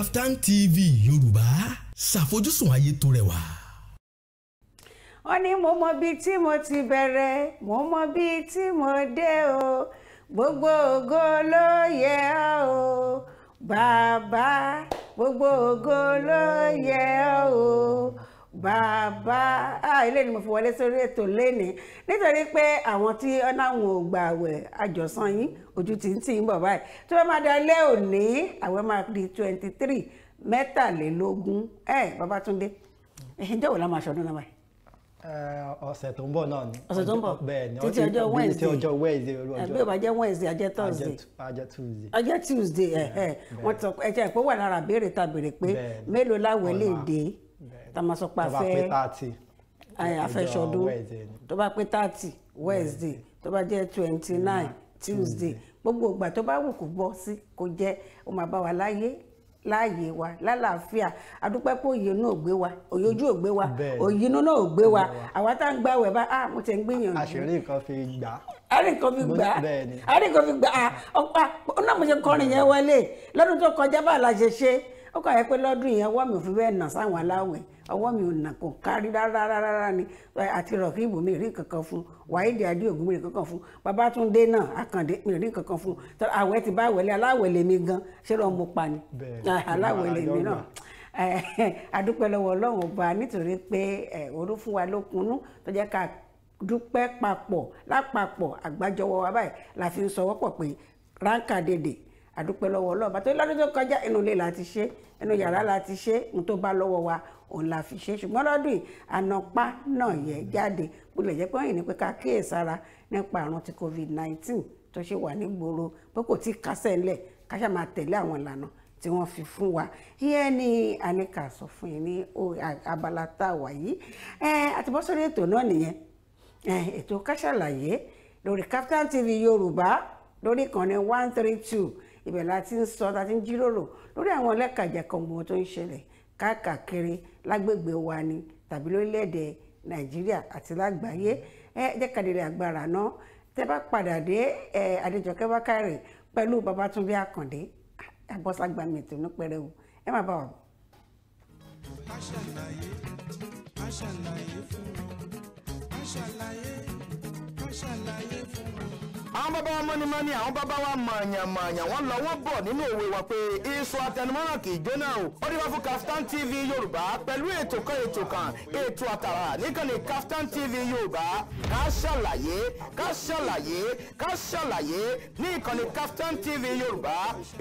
Kaftan TV Yorùbá ṣàfojúsùn ayé tó rẹwà. ó ní mo mọ bíi tí mo ti bẹ̀rẹ̀ mo mọ bíi tí mo dé o gbogbo ògo ló yẹ ọ́ o bàbá gbogbo ògo ló yẹ ọ́ o bàbá ilé ni mo fi wọlé sórí ètò lénìí nítorí pé àwọn tí ọ̀nàwọn ò gbà àwẹ̀ àjọsán yín ojú ti ń tì ń bọ̀ báyìí tí wọ́n máa dalẹ́ òní àwẹ̀ máa di twenty three mẹ́tàlélógún ẹ̀ Babátúndé ẹ̀hìn jọ̀wọ́ la máa ṣọdún náà báyìí. ọ̀sẹ̀ tó ń bọ̀ náà ni ọ̀sẹ̀ tó ń bọ̀ títí ọjọ́ Wednesday títí ọjọ́ Wednesday olú ọjọ́ bí o Wednesday ajẹ́ Thursday ajẹ́ Tuesday ajẹ́ Tuesday ẹ̀ ẹ̀ wọ́n ti sọ ẹ̀jẹ̀ ìpò wà lára béèrè ta béèrè pé mélòó láwẹ̀ lè dé tá a máa sọ pé a fẹ́ àfẹsọdún tó bá pé thirty wednesday tó bá jẹ́ twenty nine mm-hmm. tuesday gbogbo ìgbà tó bá wù kó bọ́ sí kó jẹ́ ó máa bá wa láyé láàyè wa lálàáfíà adúpẹ́ pé òye náà ò gbé wa òye ojú ò gbé wa òye inú náà ò gbé wa àwa tá à ń gbà wẹ̀ bá ah mo ti ń gbìyànjú. àṣírí nǹkan fi gbà. àárín nǹkan fi gbà àárín nǹkan fi gbà ah, ọ̀pá ọ̀nà mo ṣe kọrin yẹn wọlé lọ́dún tó kọjá bá a la ṣe ṣe ó kàn yẹ pé lọ́dún yìí ọwọ́ mi ò fi bẹ́ẹ̀ nà sáwọn aláwẹ̀ ọwọ́ mi ò nà kò kárí rárá rárá ni àti rọ̀kìbù mi rí kankan fún wáyédè adéògùn mi rí kankan fún babatunde náà akàndé mi rí kankan fún àwẹ̀ ti bá wẹ̀lẹ̀ aláwẹ̀ lèmi gan ṣé lọ́ọ́ mo pa ni aláwẹ̀ lèmi náà adúpẹ́ lọ́wọ́ ọlọ́run ọba nítorí pé oró fún wa lókunnú tó jẹ́ ká dúpẹ́ papọ̀ lápapọ̀ àgbájọwọ́ wa báyìí la fi ń sọwọ́ pọ̀ pé ránkà dèdè àdúpẹ́ lọ́wọ́ ọlọ́run bàtọ́ lọ́dún tó kọjá inú ilé la ti ṣe inú yàrá la ti ṣe ohun tó bá lọ́wọ́ wa òun la fi ṣe ṣùgbọ́n lọ́dún yìí ànàpá náà yẹ jáde mo lè jẹ́ pé òyìn ní pé ká kíyèsára nípa àrùn ti covid nineteen, tó ṣe wà nígboro pé kò tí kásẹ̀ ńlẹ̀ ká ṣáà máa tẹ̀lé àwọn ìlànà tí wọ́n fi fún wa ìyẹn ni àníkà sọ fún yín ní abala tá a wà yìí àtibọ́sọ̀rọ̀ ètò náà nìyẹn ètò ká ṣàlàyé lórí Kaftan TV Yorùbá lórí ìkànnì one three two ibẹ̀ la ti ń sọ la ti ń jíròrò lórí àwọn lẹ́kàjẹ̀kọ̀gbọ̀n tó ń ṣẹlẹ̀ káàkiri lágbègbè wa ni tàbí lórílẹ̀‐èdè nàìjíríà àti lágbàáyé ẹ jẹ́ kàdìrì àgbàrà náà tẹ́ bá padà dé ẹ Adéjọkẹ́ Bákàrè pẹ̀lú Babátúndé Àkàndé àbọ̀sàgbàmì ètò ní pẹrẹwu ẹ má bá wà. a ṣàlàyé a ṣàlàyé fún wọn a ṣàlàyé fún wọn àwọn bàbá wa mọ́nimọ́ni àwọn bàbá wa mọ̀nyàmọ̀nyà wọ́n lọ bọ̀ nínú òwe wa pé èso àtẹnumọ́ràn kì í jóná o ó dé wá fún Kaftan TV Yorùbá pẹ̀lú ètò kan ètò kan ètò àtàrà níkànnì Kaftan TV Yorùbá ká ṣàlàyé ká ṣàlàyé ká ṣàlàyé ní ìkànnì Kaftan TV Yorùbá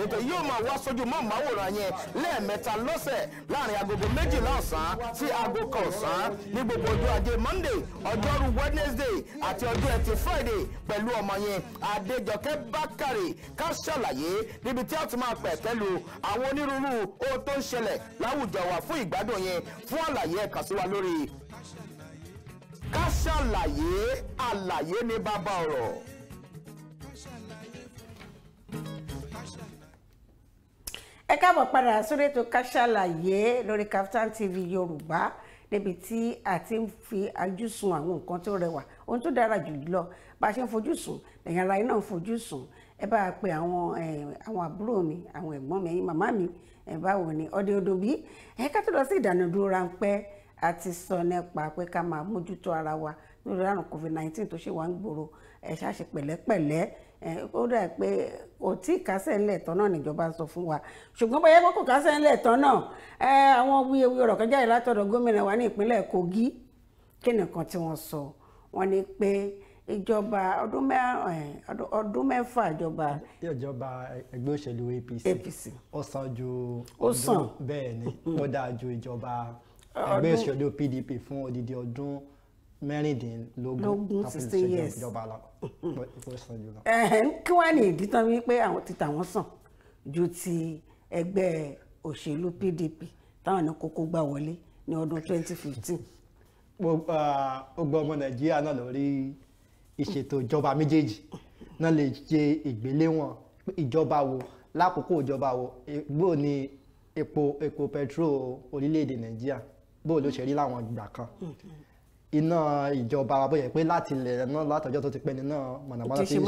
ètò yóò máa wá sójú mọ́ màwòrán yẹn lẹ́ẹ̀mẹ́ta lọ́sẹ̀ láàrin agogo méjìlá ọ̀sán sí aago kan ọ̀sán ní gbogbo ọjọ́ ajé Monday ọjọ́rú Wednesday àti ọjọ́ ẹtì Friday pẹ̀lú ọmọ yẹn Adéjọkẹ́ Bákàrè ká ṣàlàyé níbi tí a ti máa pẹ̀kẹ́ lu àwọn onírúurú ohun tó ń ṣẹlẹ̀ láwùjọ wa fún ìgbádùn yẹn fún àlàyé ẹ sí wa lórí ká ṣàlàyé àlàyé ní bàbá ọ̀rọ̀. ẹ káàbọ̀ padà sórí ètò ká ṣàlàyé lórí Kaftan TV Yorùbá níbi tí a ti ń fi ajú sun àwọn nǹkan tó rẹwà ohun tó dára jù lọ bá a ṣe ń fojú sùn ẹ̀yin ara yín náà fojú sùn ẹ bá a pe àwọn àwọn àbúrò mi àwọn ẹ̀gbọ́n mi ẹ̀yin màmá mi ẹ báwo ni ọdẹ odò bí ẹ ká tó lọ sí ìdánudúró ráńpẹ́ a sọ nípa pé ká máa mójútó ara wa lórí àrùn covid nineteen tó ṣe wà ń gbòòrò ẹ ṣáṣe pẹ̀lẹ́pẹ̀lẹ́ ó dà pé kò tí ì kásẹ̀ ńlẹ̀ tán náà níjọba sọ fún wa ṣùgbọ́n bóyá kò kásẹ̀ ńlẹ̀ tán náà àwọn wuyewuye ọ̀rọ̀ kan jáde látọ̀dọ̀ gómìnà wa ní ìpínlẹ̀ Kogi kí nìkan tí wọ́n sọ wọ́n ní pé ìjọba ọdún ọdún mẹ́fà ìjọba. ìjọba ẹgbẹ́ òṣèlú APC APC ó ju ọdún bẹ́ẹ̀ ni ó dáa ju ìjọba ẹgbẹ́ òṣèlú PDP fún odidi ọdún mẹ́rìndínlógún sixteen years ìjọba lọ. kí wàá ní ìdí tán wípé àwọn ti tàwọn sàn ju ti ẹgbẹ́ òṣèlú PDP táwọn ní kókó gbà wọlé ní ọdún twenty fifteen. gbogbo ah, ọmọ Nàìjíríà náà lórí ìṣètò ìjọba méjèèjì náà lè ṣe ìgbéléwọ̀n ìjọba wo lákòókò ìjọba wo e, bóò ni epo epo petrol orílẹ̀-èdè nàìjíríà bóò ló ṣe rí láwọn ìgbà kan iná ìjọba bóyá pé láti ilẹ̀ náà látọjọ́ tó ti pẹ́ ni náà mọ̀nàmọ́ná ti ṣe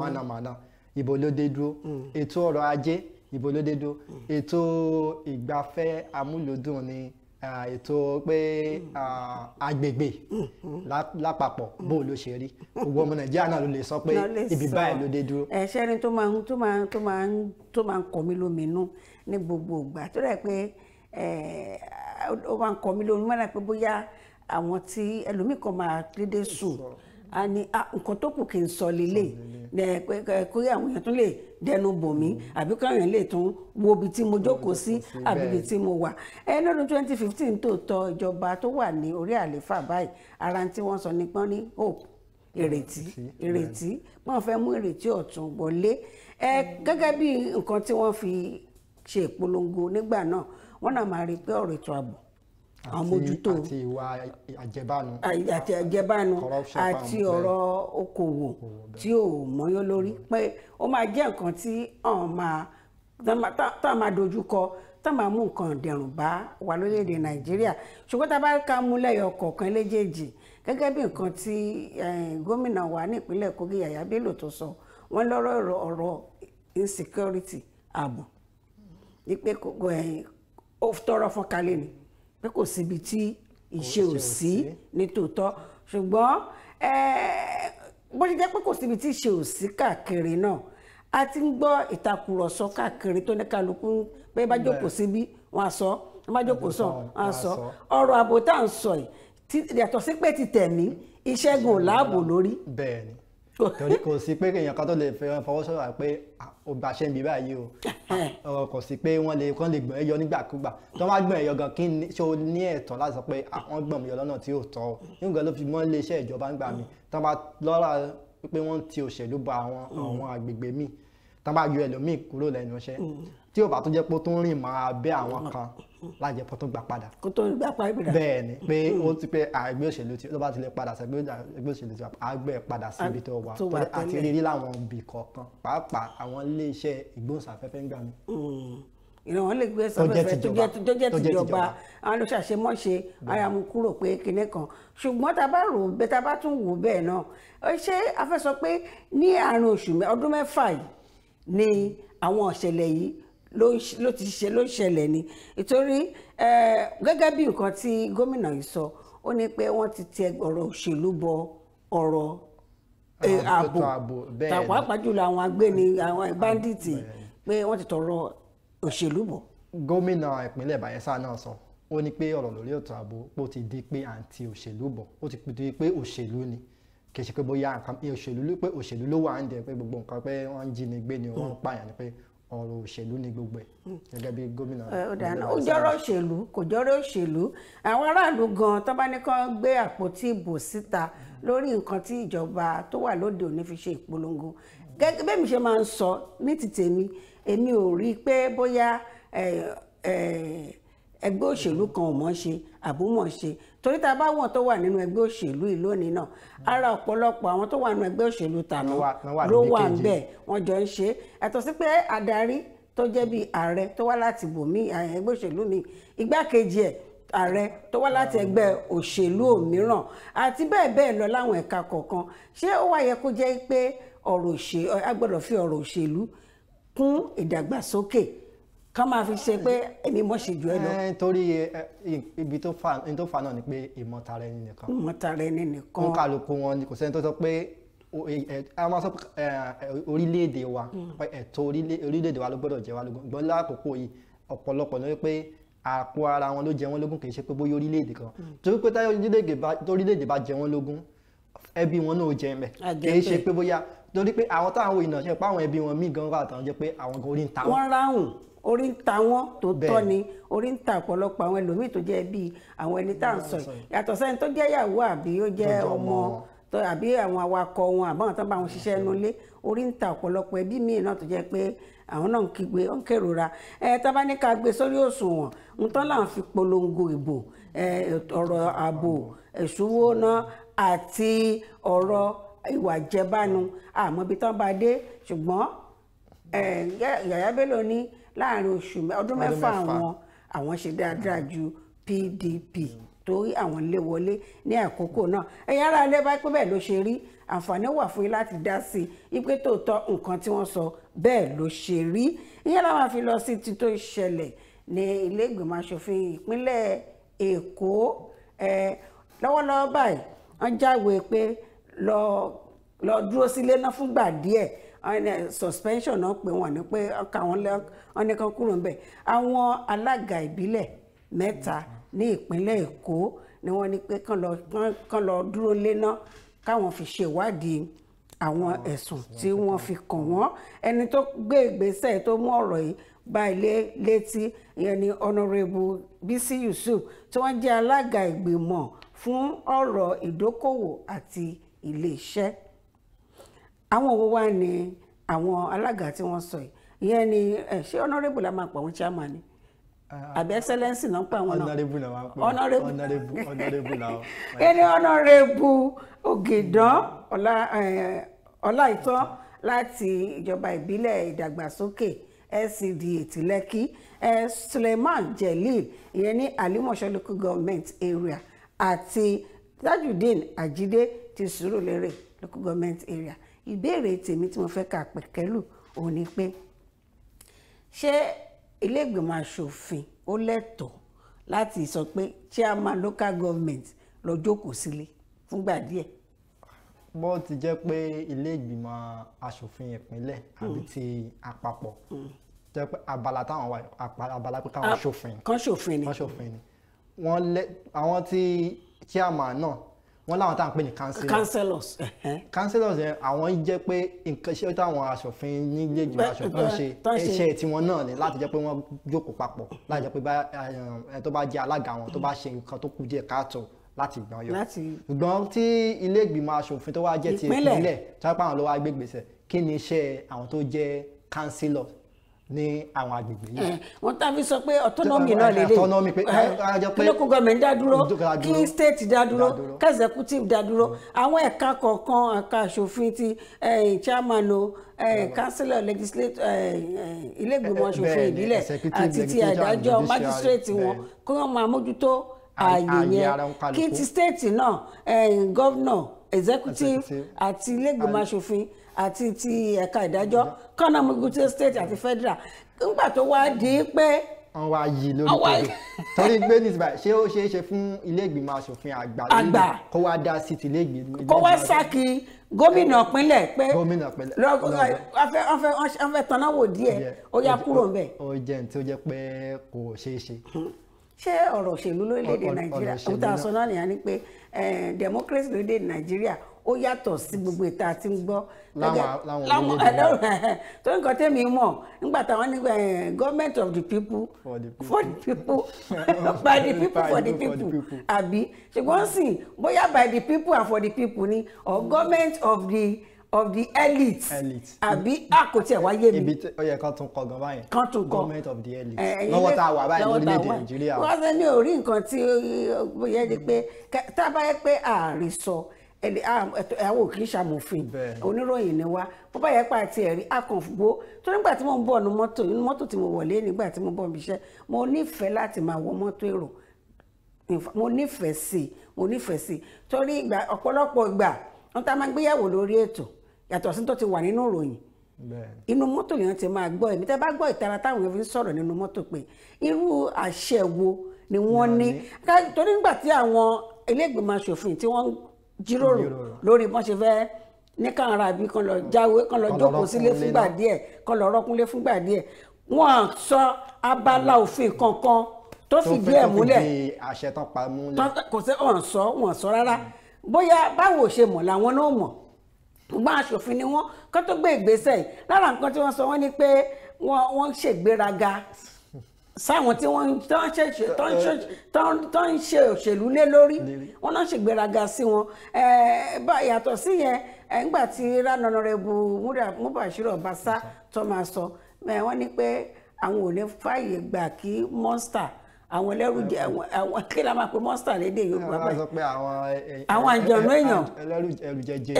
mọ̀nàmọ́ná ibo ló dé dúró hmm. ètò ọrọ̀ ajé ibo ló dé dúró ètò ìgbafẹ́ amúlòdùn ni ètò pé agbègbè mm-hmm. lápapọ̀ bó ló ṣe rí gbogbo ọmọ nàìjíríà náà ló lè sọ pé ibi báyìí ló dé dúró. ẹ̀ṣẹ́ ni tó máa ń tó máa ń tó máa ń tó máa ń kọ́ mi lóminú ní gbogbo ìgbà tó rẹ̀ pé ó máa ń kọ́ mi lóminú mọ́ra pé bóyá àwọn tí ẹlòmíì máa dédé sùn a ní ah, nǹkan tó kù kí n sọ lélẹ̀ kó àwọn èèyàn tún lè dẹnu bò mí mm. àbí káwọn èèyàn lè tún wo ibi tí mo jókòó sí àbí ibi tí mo wà ẹ lọ́dún twenty fifteen tó tọ ìjọba tó wà ní orí àléfà báyìí ara tí wọ́n sọ nípọn ní hope ìrètí ìrètí wọ́n fẹ́ mú ìrètí ọ̀tun wọlé ẹ mm. gẹ́gẹ́ bí nǹkan tí wọ́n fi ṣe ìpolongo nígbà náà wọ́n náà máa rí i pé ọ̀rọ̀ ètò ààbò àmójútó àti ìwà àjẹbánu àti àjẹbánu àti ọ̀rọ̀ okòwò tí ò mọ́yán lórí pé ó máa jẹ́ nǹkan tí ọ̀n máa tá a máa dojú kọ tá a máa mú nǹkan dẹ̀rùn bá wa lórílẹ̀‐èdè nàìjíríà ṣùgbọ́n tá a bá ká mú lẹ́yọ kọ̀ọ̀kan léjèèjì gẹ́gẹ́ bí nǹkan tí gómìnà wa ní ìpínlẹ̀ Kogi Yàyà Bello tó sọ wọ́n lọ́rọ̀ ọ̀rọ̀ insecurity ààbò ní pé ó tọrọ fọ́n ni pé kò síbi tí ìṣe ò sí nítòótọ́ ṣùgbọ́n bó ṣe jẹ́ pé kò síbi tí ìṣe ò sí káàkiri náà a ti ń gbọ́ ìtakùrọ̀sọ káàkiri tó ní kálukú pé bá jókòó síbí wọn á sọ bá jókòó sàn á sọ ọ̀rọ̀ ààbò tá à ń sọ yìí yàtọ̀ sí pé ti tẹ̀mí iṣẹ́ gan láàbò lórí. bẹ́ẹ̀ni torí kò sí pé èèyàn kan tó lè fẹ́ràn fọwọ́sọ̀rọ̀ pé ó ṣe ń bí báyìí o ọ̀rọ̀ kò sí pé wọ́n lè kán lè gbọ̀n ẹ̀yọ nígbàkúgbà tó wá gbọ̀n ẹ̀yọ gan kí ni ṣé o ní ẹ̀tọ́ láti sọ pé àwọn gbọ̀n mi lọ́nà tí ò tọ́ o nígbà ló fi mọ́ ilé ìjọba ń gbà mí tó bá lọ́ra pé wọ́n ti òṣèlú ba àwọn mm. àwọn agbègbè míì tó bá yọ ẹlòmíì kúrò lẹ́nu iṣẹ́ mm. tí ò bá tó jẹ́ pé ó tún rìn máa bẹ́ àwọn mm. kan lájẹ pọ̀ tó gbà padà. kó tó gbà padà. bẹ́ẹ̀ ni pé hmm. ó ti pé ẹgbẹ́ òṣèlú tí ó bá ti lè padà sí ẹgbẹ́ òṣèlú tí a gbẹ́ e padà sí ibi tó wà tó àti rírí láwọn ibì kọ̀ọ̀kan pàápàá àwọn iléeṣẹ́ ìgbóhùnsáfẹ́fẹ́ ń gbà mí hmm. ìrànwọ́ lè gbé sọfẹ́fẹ́ tó jẹ́ tó jẹ́ tìjọba àwọn ló ṣàṣemọ́ṣe ara mu kúrò pé kinní kan ṣùgbọ́n tá a bá rò bẹ́ẹ̀ tá a bá tún wò bẹ́ẹ̀ náà ó ṣe afẹ́ ni àwọn ọ̀ṣẹ̀lẹ̀ ló ti ṣe ló ṣẹlẹ̀ ni nítorí gẹ́gẹ́ bí nǹkan tí gómìnà yìí sọ ó ní pé wọ́n ti tẹ ọ̀rọ̀ òṣèlú bọ ọ̀rọ̀ ààbò pàápàá jùlọ àwọn agbéni àwọn báńdíìtì pé wọ́n ti tọrọ òṣèlú bọ̀. gómìnà ìpínlẹ̀ Bayelsa náà sọ ó ní pé ọ̀rọ̀ lórí ọ̀tọ̀ ààbò ó ti di pé àǹtí òṣèlú bọ̀ ó ti di pé òṣèlú ni kì í ṣe pé bóyá òṣèlú ló wà ń dẹ pé gbogbo nǹkan pé wọ́n ń jí ni gbé ni wọ́n pààyàn ni pé ọ̀rọ̀ òṣèlú ni gbogbo ẹ̀ hmm. gẹ́gẹ́ bí gómìnà. ọ̀dàna ó jọ́rọ̀ òṣèlú kò jọ́rọ̀ òṣèlú àwọn aráàlú gan-an tó bá ní kán gbé àpótí ìbò síta lórí nǹkan tí ìjọba tó wà lóde òní fi ṣe ìpolongo gẹ́gẹ́ bẹ́ẹ̀ mi ṣe máa ń sọ ní ti tèmi èmi ò rí i pé bóyá ẹgbẹ́ òṣèlú kan ò mọ̀ ṣe àbúmọ̀ ṣe torí tá a bá wọn tó wà nínú ẹgbẹ́ òṣèlú yìí lónìí náà ara ọ̀pọ̀lọpọ̀ àwọn tó wà nínú ẹgbẹ́ òṣèlú tàná ló wà ń bẹ̀ wọ́n jọ ń ṣe ẹ̀tọ́ sí pé adarí tó jẹ́ bíi ààrẹ tó wá láti bòmí ẹgbẹ́ òṣèlú mi igbákejì ẹ̀ ààrẹ tó wá láti ẹgbẹ́ òṣèlú òmíràn àti bẹ́ẹ̀ bẹ́ẹ̀ lọ láwọn ẹ̀ka kọ̀ọ̀kan ṣé ó wá yẹ kó jẹ́ pé ọ̀rọ̀ òṣèlú a gbọ́dọ̀ fi ọ̀rọ̀ òṣèlú kún ìdàgbàsókè kọ́ máa fi ṣe pé èmi mọ̀ ṣe jù ẹ lọ. Eh, torí eh, ibi tó fà náà ni pé ìmọ̀tara ẹni nìkan. ìmọ̀tara ẹni nìkan. ń kálukú wọn kò sẹ́ni tó sọ pé eh, orílẹ̀-èdè wa hmm. ẹ̀tọ́ orílẹ̀-èdè wa ló gbọ́dọ̀ jẹ wá lógún gbọ́n lákòókò yìí ọ̀pọ̀lọpọ̀ ló ń pé àpò ara wọn ló jẹ wọn lógún kì í ṣe pé bóyá orílẹ̀-èdè kan hmm. torí pé táyọ̀ orílẹ̀-èdè bá jẹ wọn lógún ẹbí wọn náà jẹ mẹ́ kì í ṣe pé bóyá torí pé àwọn táwọn ìnà ṣe páwọn ẹbí wọn míì gan wà tán jẹ́ pé àwọn gan orí ń ta wọn. wọ́n ráhùn orí ń ta wọn tó tọ́ ni orí ń ta ọ̀pọ̀lọpọ̀ àwọn ẹlòmíì tó jẹ́ bíi àwọn ẹni tá à ń sọ yàtọ̀ sẹ́ni tó jẹ́ ìyàwó àbí ó jẹ́ ọmọ àbí àwọn awakọ̀ wọn àbáwọn tó bá wọn ṣiṣẹ́ nulẹ̀ orí ń ta ọ̀pọ̀lọpọ̀ ẹbí míì náà tó jẹ́ pé àwọn náà ń kígbe ń kérora ẹ tábà ní ká gbé sórí òṣùwọ̀n nǹkan là ń fi polongo ìbò ọ̀rọ̀ ààbò ẹ̀ṣúwó náà àti ọ̀rọ̀ ìwà ìjẹbánu àmọ́ ibi tán bá dé ṣùgbọ́n Yàyà Bello ní láàrin oṣù ọdún mẹ́fà àwọn àwọn ṣe dáadáa ju PDP torí àwọn lé wọlé ní àkókò náà ẹ̀yin ará ilé bá pé bẹ́ẹ̀ ló ṣe rí àǹfààní wà fún yín láti dá sí i pé tòótọ́ nǹkan tí wọ́n sọ bẹ́ẹ̀ ló ṣe rí ìyẹn la máa fi lọ sí ti tó ṣẹlẹ̀ ní ilé ìgbìmọ̀ asòfin ìpínlẹ̀ Èkó lọ́wọ́lọ́wọ́ báyìí wọ́n jáwèé pé lọ lọ dúró sílé náà fúngbà díẹ̀ suspension náà pé wọ́n ní pé káwọn wọn ní kan kúrò níbẹ̀ àwọn alága ìbílẹ̀ mẹ́ta ní ìpínlẹ̀ Èkó ni wọ́n ní pé kán lọ dúró lé náà káwọn fi ṣèwádìí àwọn ẹ̀sùn tí wọ́n fi kàn wọ́n ẹni tó gbé ìgbésẹ̀ tó mú ọ̀rọ̀ yìí bá ilé létí ìyẹn ni ọ̀nàrẹ́bù Bísí Yusuf tí wọ́n jẹ́ alága ìgbìmọ̀ fún ọ̀rọ̀ ìdókòwò àti ilé-iṣẹ́ àwọn wo wá ni àwọn alága tí wọ́n sọ yìí ìyẹn ni ṣé honourable la máa pọ̀ àwọn chairman ni àbí excellence náà pẹ̀ wọn náà honourable la máa pọ̀ honourable honourable la wọn. ẹni honourable Ògìdán Ọláìtàn láti ìjọba ìbílẹ̀ ìdàgbàsókè LCDA ti Suleiman Jelil ìyẹn ní Alimosho local government area àti tajudeen ajide ti Sùúrùlérè local government area ìbéèrè tèmi tí mo fẹ́ kà pẹ̀kẹ́lù òun ni pé ṣé ilé ìgbìmọ̀ asòfin ó lẹ́tọ̀ọ́ láti sọ pé chairman local government lọ jókòó sílé fúngbà díẹ̀. bó ti jẹ́ pé ilé ìgbìmọ̀ asòfin ìpínlẹ̀ àbí mm. ti àpapọ̀ mm. jẹ́ pé abala táwọn wà abala pé káwọn ṣòfin. kan ṣòfin ni kan ṣòfin ni wọ́n lẹ́ àwọn ti chairman náà wọ́n láwọn tá à ń pè ní councillors. councillors. councillors yẹn àwọn jẹ́ pé nǹkan ṣé táwọn aṣòfin nílé ìgbìmọ̀ aṣòfin ṣe iṣẹ́ tiwọn náà ni láti jẹ́ pé wọ́n jókòó papọ̀ láti jẹ́ pé eh, eh, tó bá jẹ́ alága wọn tó bá ṣe nǹkan tó kù díẹ̀ káàtó láti gbọ́n yọ. ṣùgbọ́n tí ilé ìgbìmọ̀ aṣòfin tó wá jẹ́ ti ìpínlẹ̀ tó wá pàwọn ló wá gbé kí ni iṣẹ́ àwọn tó jẹ́ councillors ní àwọn agbègbè yìí. Eh, wọ́n tàbí sọ pé autonomy náà lè lè kí eh, local government kí state dá dúró kí executive dá dúró mm. àwọn ẹ̀ka kọ̀ọ̀kan ẹ̀ka aṣòfin ti eh, chairman o councillor legislator ilégbèmọ̀ aṣòfin ìbílẹ̀ àti ti àdájọ́ magistrate wọn kí wọ́n máa mójútó ààyè yẹn kí ti state náà governor executive àti ilégbèmọ̀ aṣòfin àti ti ẹ̀ka ìdájọ́ kọ́nà mugute state àti federal nígbà tó wá di pé wọ́n wá yí lórí tòde torí pé nígbà ṣé ó ṣeé ṣe fún ilé ìgbìmọ̀ asòfin àgbà àgbà kó wá dá sí ti ilé ìgbìmọ̀ kó wá sákì gómìnà pínlẹ̀ pé gómìnà pínlẹ̀ lọ́fẹ́ ọ̀fẹ́ ọ̀fẹ́ tanáwò díẹ̀ ó yá kúrò ń bẹ̀. ó jẹ́ ní tí ó jẹ́ pé kò ṣeé ṣe. ṣé ọ̀rọ̀ òṣèlú lórílẹ̀‐èdè nàìjíríà òun náà nìyà ni pé democracy lórílẹ̀‐èdè nàìjíríà ó yàtọ̀ sí gbogbo ìta àti ń gbọ́. láwọn olóyè tó nǹkan tẹ́mi mọ̀ nígbà táwọn ní eh, government of the people for the people by the people for the people àbí ṣùgbọ́n sì bóyá by the people and for the people ni or hmm. government of the of the elite àbí àkótí ẹ̀ wáyé mi. ibi ó yẹ kan tún kọ gan báyìí. kan tún kọ government of the elite. Eh, eh, lọ́wọ́ tá a wà báyìí lórílẹ̀‐èdè nàìjíríà. wọ́n ṣe ní orí nǹkan tí ó yẹ ni pé tá a bá yẹ pé ààrẹ sọ àwọn òkè ṣàmòfin oníròyìn ni wá bó bá yẹ pa àti ẹ̀rí akànfò tó nígbà tí mo ń bọ̀ nu mọ́tò inú mọ́tò tí mo wọlé nígbà tí mo bọ̀ mi iṣẹ́ mo nífẹ̀ẹ́ láti máa wọ mọ́tò èrò mo nífẹ̀ẹ́ sí mo nífẹ̀ẹ́ sí torí ìgbà ọ̀pọ̀lọpọ̀ ìgbà wọn tá a máa gbéyàwó lórí ètò yàtọ̀ sí tó ti wà nínú ìròyìn inú mọ́tò lèèyàn ti máa gbọ́ èmi tẹ́ bá gbọ́ ìtara táwọn èèyàn fi ń sọ̀rọ̀ nínú mọ́tò pé irú àṣẹ wo ni wọ́n ní torí nígbà tí àwọn ilé ìgbìmọ̀ asòfin tí wọ́n jíròrò lórí bọ́n ṣe fẹ́ ní kànra àbí kan lọ jáwé kan lọ jókòó sílé fúngbà díẹ̀ kan lọ rọ́kúnlé fúngbà díẹ̀ wọ́n sọ abala òfin kankan tó fìdí ẹ̀ múlẹ̀ kò sí ọ̀n sọ wọ́n sọ rárá bóyá báwo ṣe mọ̀ làwọn náà mọ̀ gbọ́n aṣòfin ni wọ́n kó tó gbé ìgbésẹ̀ yìí lára nǹkan tí wọ́n sọ wọ́n ní pé wọ́n ṣègbéraga sáwọn tí wọ́n tán eh, eh. ń ṣe òṣèlú lé lórí wọ́n náà ṣègbéraga sí wọn eh, yàtọ̀ sí yẹn nígbà tí ránanrẹ́bù Mubashiru Obasa tó máa sọ wọ́n ní pé àwọn ò ní fààyè gbà kí monster àwọn ẹlẹ́rù jẹ àwọn kí la máa pe monster lédè Yorùbá báyìí àwọn àjọ̀nú èèyàn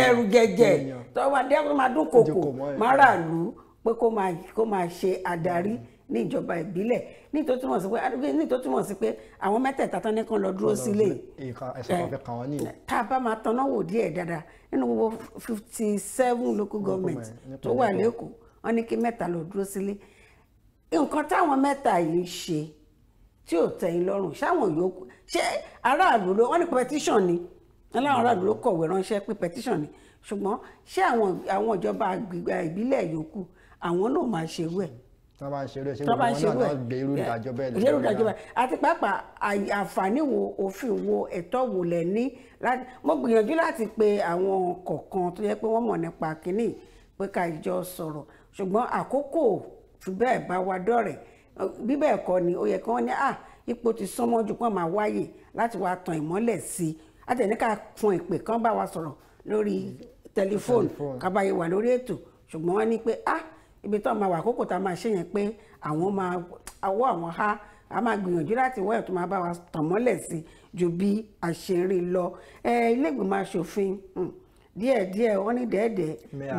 ẹrù jẹjẹ tọ́wọ́ adé máa dún kòkò máa ràlú pé kó máa ṣe adarí. Mm ní ìjọba ìbílẹ̀ nítorí túmọ̀ sí pé nítorí túmọ̀ sí pé àwọn mẹ́tẹ̀ẹ̀ta tán ní kan lọ dúró sílé tá a bá máa tanná wò díẹ̀ dáadáa nínú gbogbo fifty seven local government tó wà lẹ́kọ̀ọ́ wọn ní kí mẹ́ta lọ dúró sílé nǹkan táwọn mẹ́ta yìí ṣe tí ò tẹ̀yìn lọ́rùn ṣáwọn yòókù ṣé aráàlú ló wọ́n ní petition ni aláwọn aráàlú ló kọ̀wé ránṣẹ́ pé petition ni ṣùgbọ́n ṣé àwọn ìjọba ìbílẹ̀ yòókù àwọn náà máa ṣerú ẹ̀ tí wọ́n bá ń ṣerú ẹ̀ ṣé gbogbo wọn náà gbé irú ìdájọ́ bẹ́ẹ̀ lè lórí ìdájọ́ bẹ́ẹ̀ àti pàápàá àǹfààní wo òfin wo ẹ̀tọ́ wo lẹ̀ ní mo gbìyànjú láti pe àwọn kọ̀ọ̀kan tó yẹ pé wọ́n mọ̀ nípa kínní pé ká jọ sọ̀rọ̀ ṣùgbọ́n àkókò jù bẹ́ẹ̀ bá wa dọ̀rẹ̀ bí bẹ́ẹ̀ kọ́ ni ó yẹ kí wọ́n ní à ipò ti súnmọ́ jù pọ́n máa wáyè láti wá tan ìmọ́lẹ̀ sí i àtẹ̀ní ká ṣùgbọ́n wọ́n ní pé ah ibi tó máa wà àkókò tá a máa ṣe yẹn pé àwọn máa awọ́ àwọn há a máa gbìyànjú láti wọ́ ẹ̀ tó máa bá wa tàn mọ́lẹ̀ sí ju bí a ṣe rí lọ ilé ìgbìmọ̀ aṣòfin díẹ̀díẹ̀ hmm, wọ́n ní dẹ́ẹ̀dẹ́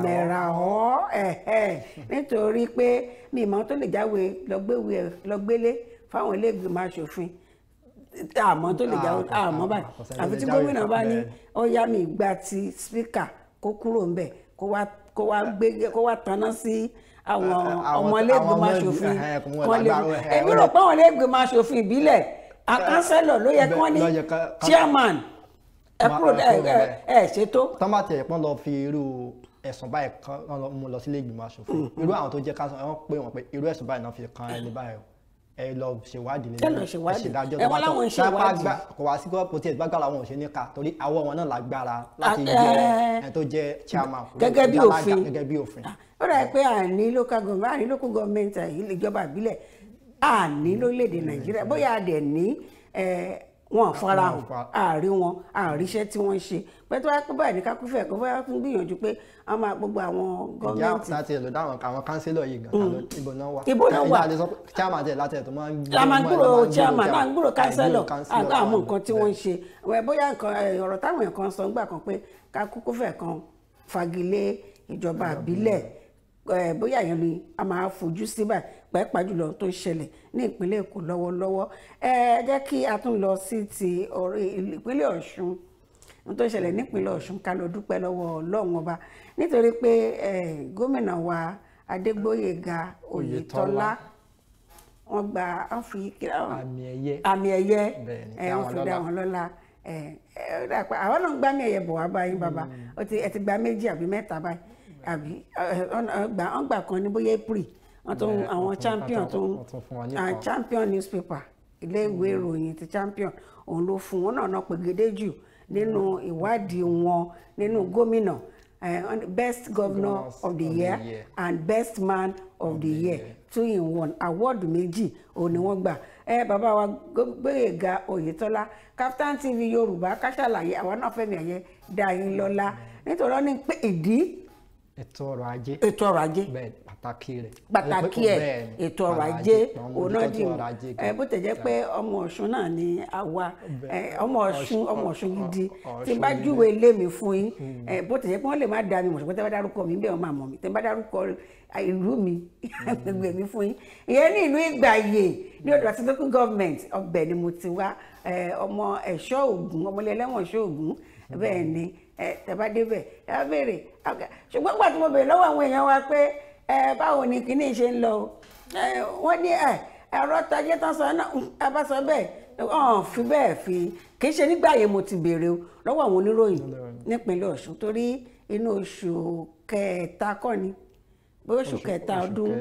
mẹ̀ra ọ́ nítorí pé mi ìmọ̀ tó lè jáwé lọ́gbélé fáwọn ilé ìgbìmọ̀ aṣòfin àmọ́ tó lè jáwé àmọ́ báyìí àfi tí gómìnà bá ní ó yá mi gba ti spíkà kó kúrò ńbẹ̀ kó wá kó wá tanná sí. Si, àwọn ọmọlẹ́gbẹ̀mọ aṣòfin kan lè mú èmi rò pé ọmọlẹ́gbẹ̀mọ aṣòfin ìbílẹ̀ àkánsẹ́lọ̀ ló yẹ kán ní chairman ẹ kúrò ẹ ṣètò. tọ́mátì ẹ̀pọ́n lọ fi irú ẹ̀sùn báyìí kan mú lọ sílé ìgbìmọ̀ aṣòfin mm-hmm. irú àwọn tó jẹ́ ká wọ́n pè wọ́n pé irú ẹ̀sùn báyìí náà fi kan ẹni báyìí ẹ lọ ṣèwádìí nínú ìṣèdájọ́ tó wá tó sápá gbà kò wá sí kó kò tiẹ̀ gbàgbà làwọn ò ṣe níka torí àwọn wọn náà lágbára láti jẹ ẹ tó jẹ chairman gẹ́gẹ́ bí òfin ah, ó dà pé à ní local government à local government ìjọba ìbílẹ̀ à ní lórílẹ̀‐èdè nàìjíríà bóyá a dẹ̀ ní wọn farahàn àárí wọn àríṣẹ́ tí wọ́n ń ṣe pẹ̀tù wáyé pé báyìí ní kákúfẹ́ ẹ̀kọ́ bóyá fún gbìyànjú pé a máa gbogbo àwọn gọ́ọ̀mẹ̀ntì. ìyá ọ̀tá ti àwọn kánsílọ̀ yìí gan mm. ibo náà wà ibo náà wà chairman tẹ̀ látẹ̀ tó máa ń gbúrò máa ń gbúrò chairman máa ń gbúrò kánsílọ̀ àgbà àwọn nǹkan tí wọ́n ń ṣe bóyá ọ̀rọ̀ táwọn bóyá yẹn ni a máa fojú sí báyìí pàápàá jùlọ tó ń ṣẹlẹ̀ ní ìpínlẹ̀ Èkó lọ́wọ́lọ́wọ́ ẹ jẹ́ kí a tún lọ sí ti ìpínlẹ̀ Ọ̀ṣun ohun tó ń ṣẹlẹ̀ nípínlẹ̀ Ọ̀ṣun ká lọ dúpẹ́ lọ́wọ́ Ọlọ́run ọba nítorí pé gómìnà wa Adégbóyèga Oyètọ́lá wọ́n gba wọ́n fi àmì ẹ̀yẹ wọ́n fi dá wọn lọ́lá àwọn náà ń gbá àmì ẹ̀yẹ bọ̀ wá báyìí bàbá hmm. ẹ ti gba méjì àbí mẹ́ta báyìí àbí ọgbà kan ní bóyá april àwọn champion tó ń champion newspaper ilé ìwé hmm. ìròyìn ti champion òun ló fún wọn náà náà pègede jù nínú hmm. ìwádìí wọn nínú hmm. gómìnà best governor of the year and best man of the year two in one award méjì òun ni wọ́n gbà ẹ bàbá wa Gbóyèga Oyètọ́lá Kaftan TV Yorùbá ká ṣàlàyé àwa náà fẹ́mi ẹ̀yẹ dá yín lọ́lá nítorí wọ́n ní pé ìdí ètò ọrọ̀ ajé ètò ọrọ̀ ajé bẹ́ẹ̀ pàtàkì rẹ̀ pàtàkì ẹ̀ ètò ọrọ̀ ajé onadi ẹ bó tẹ̀ jẹ́ pé ọmọ Ọ̀ṣun náà ni àwa ọmọ Ọ̀ṣun ọmọ Ọ̀ṣun gidi tí n bá júwe ilé mi fún yín hmm. bó tẹ̀ jẹ́ pé wọ́n lè má da mi mọ̀ ṣùgbọ́n tẹ́ bá dárúkọ mi bẹ́ẹ̀ wọ́n máa mọ̀ mi tẹ́ bá dárúkọ ìlú mi hmm. agbègbè mi fún yín ìyẹn ní ìlú Ìgbàyè ní ọ̀dọ̀ àti local government ọbẹ̀ ni mo ti wá ọmọ ẹ̀ṣọ́ Ògùn ọmọlẹ́lẹ́wọ̀n ẹ̀ṣọ́ Ògùn hmm. bẹ́ẹ̀ ni ẹ tẹ̀bá débẹ̀ ẹ bá béèrè ṣùgbọ́n gbà tí mo béèrè lọ́wọ́ àwọn èèyàn wa pé ẹ báwo ni kinní ṣe ń lọ wọ́n ní ẹ ẹ̀rọ tajẹ́ tán sọ náà ẹ bá sọ bẹ́ẹ̀ ọ̀hún fi bẹ́ẹ̀ fi kì í ṣe nígbà yẹn mo ti béèrè o lọ́wọ́ àwọn oníròyìn nípínlẹ̀ Ọ̀ṣun torí inú oṣù kẹta kọ́ ni pé oṣù kẹta ọdún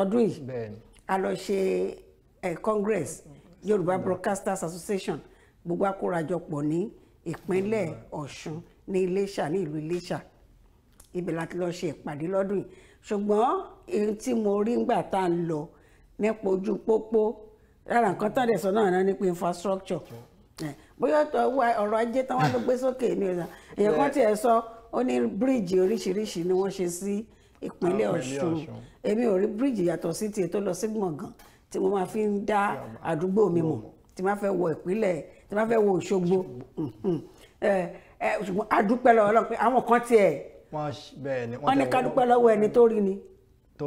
ọdún yìí a lọ ṣe congress Yorùbá Broadcasters Association gbogbo akórajọpọ̀ ní ìpínlẹ̀ ọ̀ṣun ní iléṣà ní ìlú iléṣà ibẹ̀ láti lọ ṣe ìpàdé lọ́dún yìí ṣùgbọ́n èyí tí mo rí ńgbà tá a ń lọ nípa ojú pópó rárá nǹkan tán dẹ̀ sọ náà náà nípa infrastructure bóyá ọ̀rọ̀ ajé tán wá ló gbé sókè ní ọ̀sà èèyàn kan tiẹ̀ sọ ó ní bíríìjì oríṣiríṣi ni wọ́n ṣe sí ìpínlẹ̀ ọ̀ṣun èmi ò rí bíríìjì yàtọ̀ sí tiẹ̀ tó lọ sí gbọ̀ngàn tí mo máa fi ń dá àdúgbò mi mọ̀ tí máa fẹ́ wọ ìpínlẹ̀ tí wọ́n fẹ́ wo Òṣogbo mhm, ṣùgbọ́n a dúpẹ́ lọ́wọ́ Ọlọ́run pé àwọn kan tiẹ̀ wọ́n ní ká dúpẹ́ ẹni tó rí ni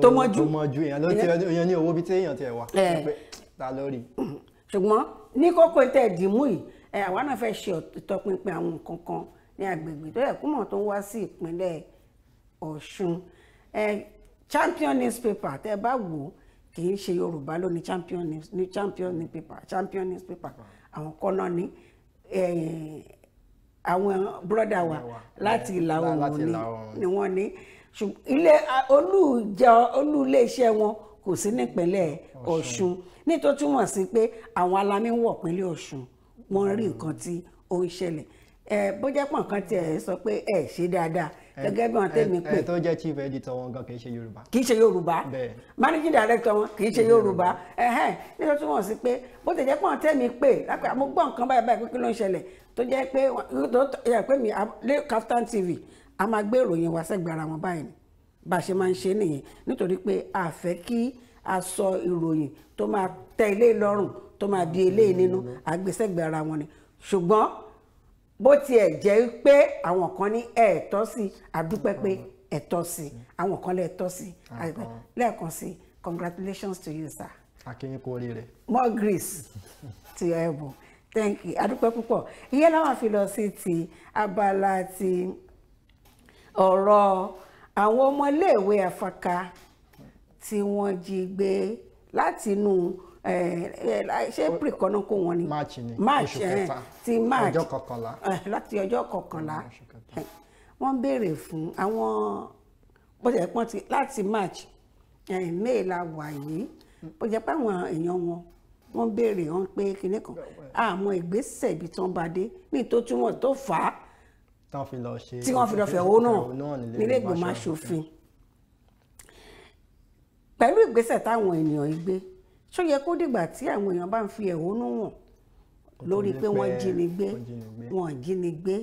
tó mọ́jú tó mọ́jú èèyàn ló ti èèyàn ní owó bíi tí èèyàn tiẹ̀ wà pé ta ló rí. Mhm. ṣùgbọ́n ní kókó tẹ̀ dìímú yìí àwa náà fẹ́ ṣe ìtọpinpin àwọn nǹkan kan ní agbègbè tó yẹ kúmọ̀ tó ń wá sí ìpínlẹ̀ Ọ̀ṣun champion newspaper tẹ́ bá wò ó kì í ṣe Yorùbá ló ní champion newspaper champion newspaper àwọn kọ́nà ní àwọn bírọ́dà wa láti ìlà oòrùn ni wọ́n ní ilé olùjẹ olú iléeṣẹ́ wọn kò sí nípínlẹ̀ ọ̀ṣun nítorí túmọ̀ sí pé àwọn alamí ń wọ̀ pínlẹ̀ ọ̀ṣun wọ́n rí hmm. nǹkan tí ó ń ṣẹlẹ̀ bó jẹ́ pọ̀ nǹkan tí ẹ̀ sọ pé ẹ̀ ṣe dáadáa gẹ́gẹ́ bí wọn tẹ̀mí pé. ẹ tó jẹ́ chief editor wọn gan kì í ṣe yorùbá. kì í ṣe yorùbá managing director wọn kì í ṣe yorùbá nítorí tí wọ́n sì pé bó ti jẹ́ pé wọn tẹ̀mí pé lápẹ́ mo gbọ́ nǹkan báyìí báyìí pé kí ló ń ṣẹlẹ̀ tó jẹ́ pé pé mi lé Kaftan TV a máa gbé ìròyìn wá sẹ́gbẹ̀ẹ́ ara wọn báyìí bá a ṣe máa ń ṣe nìyẹn nítorí pé a fẹ́ kí a sọ ìròyìn tó máa tẹ ilé lọ́rùn tó máa di eléyìí nínú àgbésẹ̀gbẹ̀ ara wọn ni ṣùgbọ́n bó tiẹ̀ jẹ́ pé àwọn kan ní ẹ̀ẹ́tọ́ sí àdúpẹ́ pé ẹ̀tọ́ sí àwọn kan lẹ́ẹ̀tọ́ sí lẹ́ẹ̀kan sí congratulations to you sir. akínyìn kú oríire. more grace to your elbow thank you àdúpẹ́ púpọ̀ ìyẹn láwọn fi lọ sí ti abala ti ọ̀rọ̀ àwọn ọmọléèwé afaka tí wọ́n jí gbé látinú. No ṣé pìrìkọ́nà kó wọn ni march ni march ti march ọjọ́ kọkànlá láti ọjọ́ kọkànlá wọ́n béèrè fún àwọn bọ́sẹ̀ pọ́n ti láti march may la wà yìí bọ́sẹ̀ pé àwọn èèyàn wọn wọ́n béèrè wọn pé kinní kan àmọ́ ìgbésẹ̀ ibi tí wọ́n bá dé ní tó túmọ̀ tó fà á tí wọ́n fi lọ fẹ̀hónú nílé ìgbìmọ̀ asòfin pẹ̀lú ìgbésẹ̀ táwọn ènìyàn yìí gbé ṣó yẹ kó dìgbà tí àwọn èèyàn bá ń fi ẹ̀hónú hàn lórí pé wọ́n jínigbé wọ́n jínigbé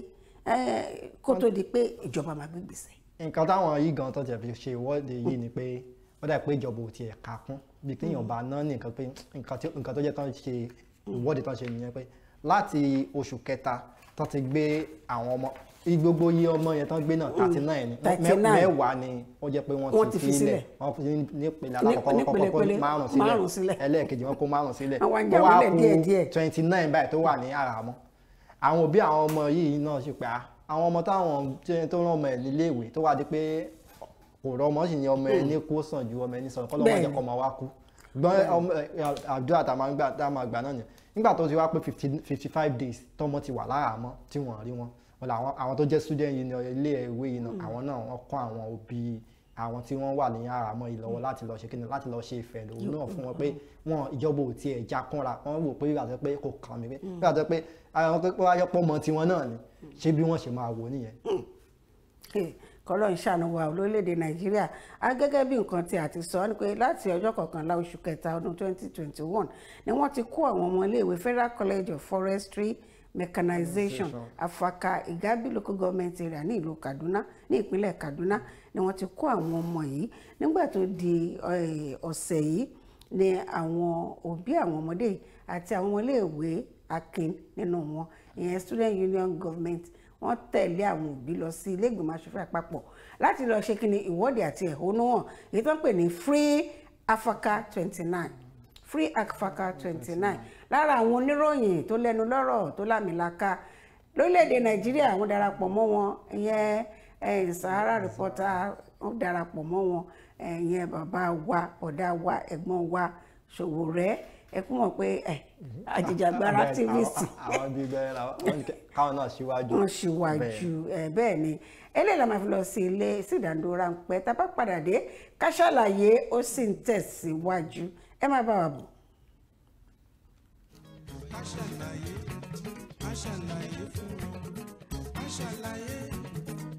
kó tó di pé ìjọba máa gbé gbèsè. nǹkan táwọn yìí gan tó ti fi ṣe ìwọ́de yìí ni pé wọ́n dà pé ìjọba ò tiẹ̀ ká kún bí kéèyàn mm. bá ná ní nǹkan pé nǹkan tó jẹ́ tán ṣe ìwọ́de tán ṣe nìyẹn pé láti oṣù kẹta tán ti gbé àwọn ọmọ gbogbo iye ọmọ yẹn tán gbé náà oh, thirty nine ni mẹ́wàá ni ó jẹ́ pé wọ́n ti fi sílẹ̀ wọ́n fi nípele alákọ̀ọ́kọ́ kọ́kọ́ márùn sílẹ̀ ẹlẹ́ẹ̀kejì wọn kó márùn sílẹ̀ ó wá kú twenty nine báyìí tó wà ní àràmọ́ àwọn òbí àwọn ọmọ yìí náà ṣe pé àwọn ọmọ táwọn tó rán ọmọ ẹ̀ nílé ìwé tó wá di pé kò rọ ọmọ sì ni ọmọ ẹni kó sàn ju ọmọ ẹni sàn kọ́ lọ́wọ́ jẹ́ kọ́ ọmọ wa kú gbọ́n àdúrà tá a máa gbà náà ni nígbà tó ti wá pé fifty five days tọ́mọ ti wà láhàámọ́ tí wọ́n rí wọn wọn làwọn àwọn tó jẹ́ student yìí ní ilé ìwé yìí náà hmm. àwọn náà wọ́n kọ́ àwọn òbí àwọn tí wọ́n wà ní àràmọ́ yìí lọ́wọ́ hmm. láti lọ ṣe kíni láti lọ ṣe ìfẹ̀lòwò náà fún wọn pé hmm. wọn ìjọba ò tiẹ̀ já kúnra wọ́n wò pé ìgbà pé kò kàn mí pé ìgbà pé àwọn pé wọ́n ayọ́pọ̀ mọ́ tiwọn náà ni ṣé bí wọ́n ṣe máa wò nìyẹn. kọ́lọ́ ìṣàánú wa olórílẹ̀‐èdè nàìjíríà á gẹ́gẹ́ bí nǹkan tí a sọ ni pé láti ọjọ́ kọkànlá oṣù kẹta ọdún twenty twenty one ni wọ́n ti kó àwọn ọmọ iléèwé Federal College of Forestry mechanization afaka Igabi local government area ní ìlú Kaduna ní ìpínlẹ̀ Kaduna ni wọ́n ti kó àwọn ọmọ yìí nígbà tó di eh, ọ̀sẹ̀ yìí ni àwọn òbí àwọn ọmọdé yìí àti àwọn iléèwé akin nínú wọn ìyẹn student union government wọ́n tẹ̀lé àwọn òbí lọ sí ilé ìgbìmọ̀ aṣòfin àpapọ̀ láti lọ ṣe kí ni ìwọ́de àti ẹ̀hónú hàn èyí tó ń pè ní free Afaka twenty nine free akfaka twenty nine lára àwọn oníròyìn tó lẹ́nu lọ́rọ̀ tó lámìlaka lórílẹ̀‐èdè nàìjíríà wọ́n darapọ̀ mọ́ wọn ìyẹn sahara reporter wọ́n darapọ̀ mọ́ wọn ìyẹn bàbá wa ọ̀dà wa ẹ̀gbọ́n wa Sowore ẹ kún wọn pé àjìjàgbara activist káwọn náà ṣíwájú wọn ṣíwájú bẹ́ẹ̀ ni eléyìí la máa fi lọ sí ilé sí ìdádúró ráńpẹ́ tá a bá padà dé ká ṣàlàyé ó sì ń tẹ̀síwájú. Si ẹ máa bá wa bọ̀. a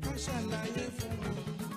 fún wọn a fún wọn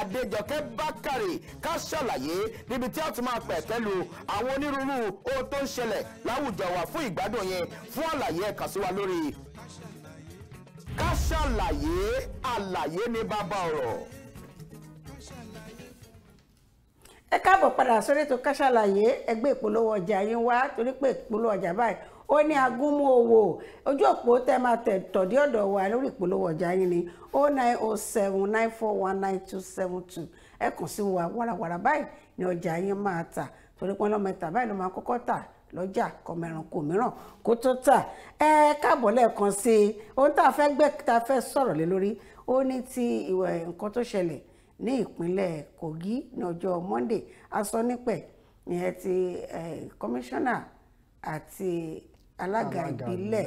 Adéjọkẹ́ Bákàrè ká ṣàlàyé níbi tí a ti máa pẹ̀kẹ́ lu àwọn onírúurú ohun tó ń ṣẹlẹ̀ láwùjọ wa fún ìgbádùn yẹn fún àlàyé ẹ sí wa lórí ká ṣàlàyé àlàyé ní bàbá ọ̀rọ̀. ẹ káàbọ̀ padà sórí ètò ká ṣàlàyé ẹgbẹ́ ìpolówó ọjà yín wá torí pé ìpolówó ọjà báyìí ó ní agúnmu owó ojú òpó tẹ́ máa tẹ̀ tọ̀dí ọ̀dọ̀ wa lórí ìpolówó ọjà yín ni o oh nine o oh seven nine four one nine two seven two ẹ kàn sí wa wàràwàrà báyìí ni ọjà yín máa tà torí pé ọlọ́mọ ẹ̀ta báyìí ló máa kọ́kọ́ tà lọ́jà kọmẹranko mìíràn kó tó tà ẹ káàbọ̀ lẹ́ẹ̀kan sí i ohun tá a fẹ́ gbẹ́ tá fẹ́ sọ̀rọ̀ lé lórí ó ní ti ìwẹ̀ nǹkan tó ṣẹlẹ̀ ní ìpínlẹ̀ Kogi ní ọjọ́ Monday a sọ nípẹ̀ ìyẹn ti kọmíṣánná àti alága ìbílẹ̀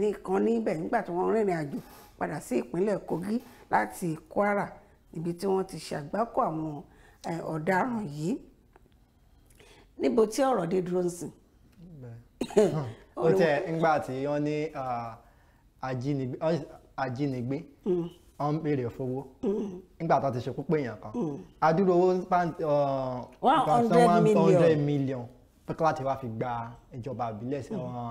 nìkan níbẹ̀ nígbà tí wọ́n rìnrìn àjò padà sí ìpínlẹ̀ Kogi láti Kwara níbi tí wọ́n ti ṣàgbákò àwọn ọ̀daràn yìí níbo tí ọ̀rọ̀ dé dúró ń sìn. ó tẹ ńgbà tí wọ́n ní ajínigbé mm. wọ́n ń béèrè fowó mm. nígbà tó ti ṣekú pé èèyàn kan mm. adúlówó one hundred million pẹ́kọ́ láti wá fi gba ìjọba àbílẹ̀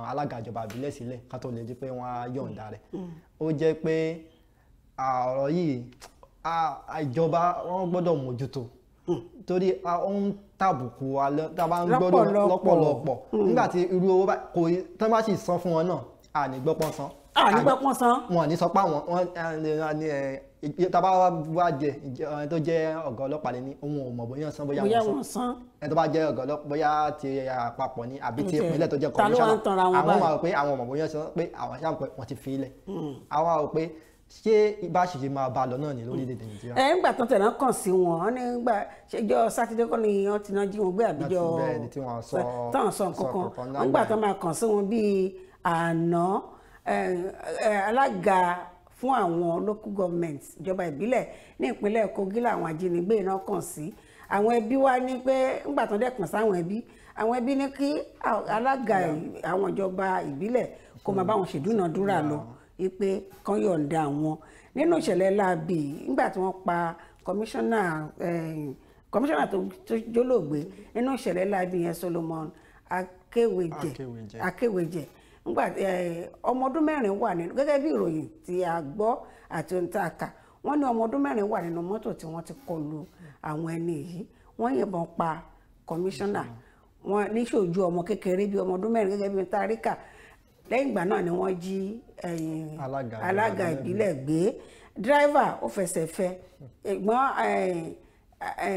alága ìjọba àbílẹ̀ sílẹ̀ ká tó lè di pé wọ́n á yọ̀ǹda rẹ̀ mm. ó jẹ́ pé ọ̀rọ̀ yìí ìjọba wọn gbọ́dọ̀ mójútó mm. torí ó ń tàbùkù tàbá ń gbọ́dọ̀ lọ́pọ̀lọpọ̀ mm. nígbà tí irú owó kò tán bá sì san fún wọn náà à ní gbọ́pọ̀ san àwọn nígbà kan san. wọn ò ní sọ eh, eh, jẹ ẹni tó jẹ ọgá ọlọ́pàá lé ohun ò bóyá san bóyá wọn san ẹni tó bá jẹ ọgá ọlọ́pàá ti eh, àpapọ̀ ní àbí ti ìpínlẹ̀ tó jẹ kọmíṣánná àwọn máa pé àwọn ò bóyá san pé àwọn ṣàǹpẹ wọn ti fi ilẹ̀ hmm. àwọn rò pé ṣé bá ṣèṣe máa bá a lọ náà ní lórílẹ̀ nàìjíríà. ẹ ńgbà tán tẹ̀lé kàn sí wọn ọ ní gbà ṣẹjọ sátidé kọ́ ni ti náà jí wọn gbé àbíjọ tán sọ nǹkan kan ńgbà tán máa kàn sí wọn bíi àná alága fún àwọn local government ìjọba ìbílẹ̀ ní ìpínlẹ̀ Kogi làwọn ajínigbé náà kàn sí àwọn ẹbí wa ní pé ńgbà tán dẹ́kun sáwọn ẹbí àwọn ẹbí ní kí alága àwọn ìjọba ìbílẹ̀ kó máa bá wọn ṣèdúnàdúrà lọ wípé kán yọ̀ǹda wọn nínú ìṣẹ̀lẹ̀ láabi ńgbà tí wọ́n pa kọmíṣánná kọmíṣánná tó jólóògbé nínú ìṣẹ̀lẹ̀ láabi yẹn Solomon Akéwéjẹ Akéwéjẹ ńgbà ọmọ ọdún mẹ́rin wà nínú gẹ́gẹ́ bí ìròyìn tí a gbọ́ àti ohun tá a kà wọ́n ní ọmọ ọdún mẹ́rin wà nínú mọ́tò tí wọ́n ti kọlu àwọn ẹni yìí wọ́n yìnbọn pa kọmíṣánná wọn níṣojú ọmọ kékeré bíi ọmọ ọdún mẹ́rin gẹ́gẹ́ bíi taríkà lẹ́yìn ìgbà náà ni wọ́n jí alága ìbílẹ̀ gbé dírẹ́fà ó fẹsẹ̀ fẹ ìgbọ́n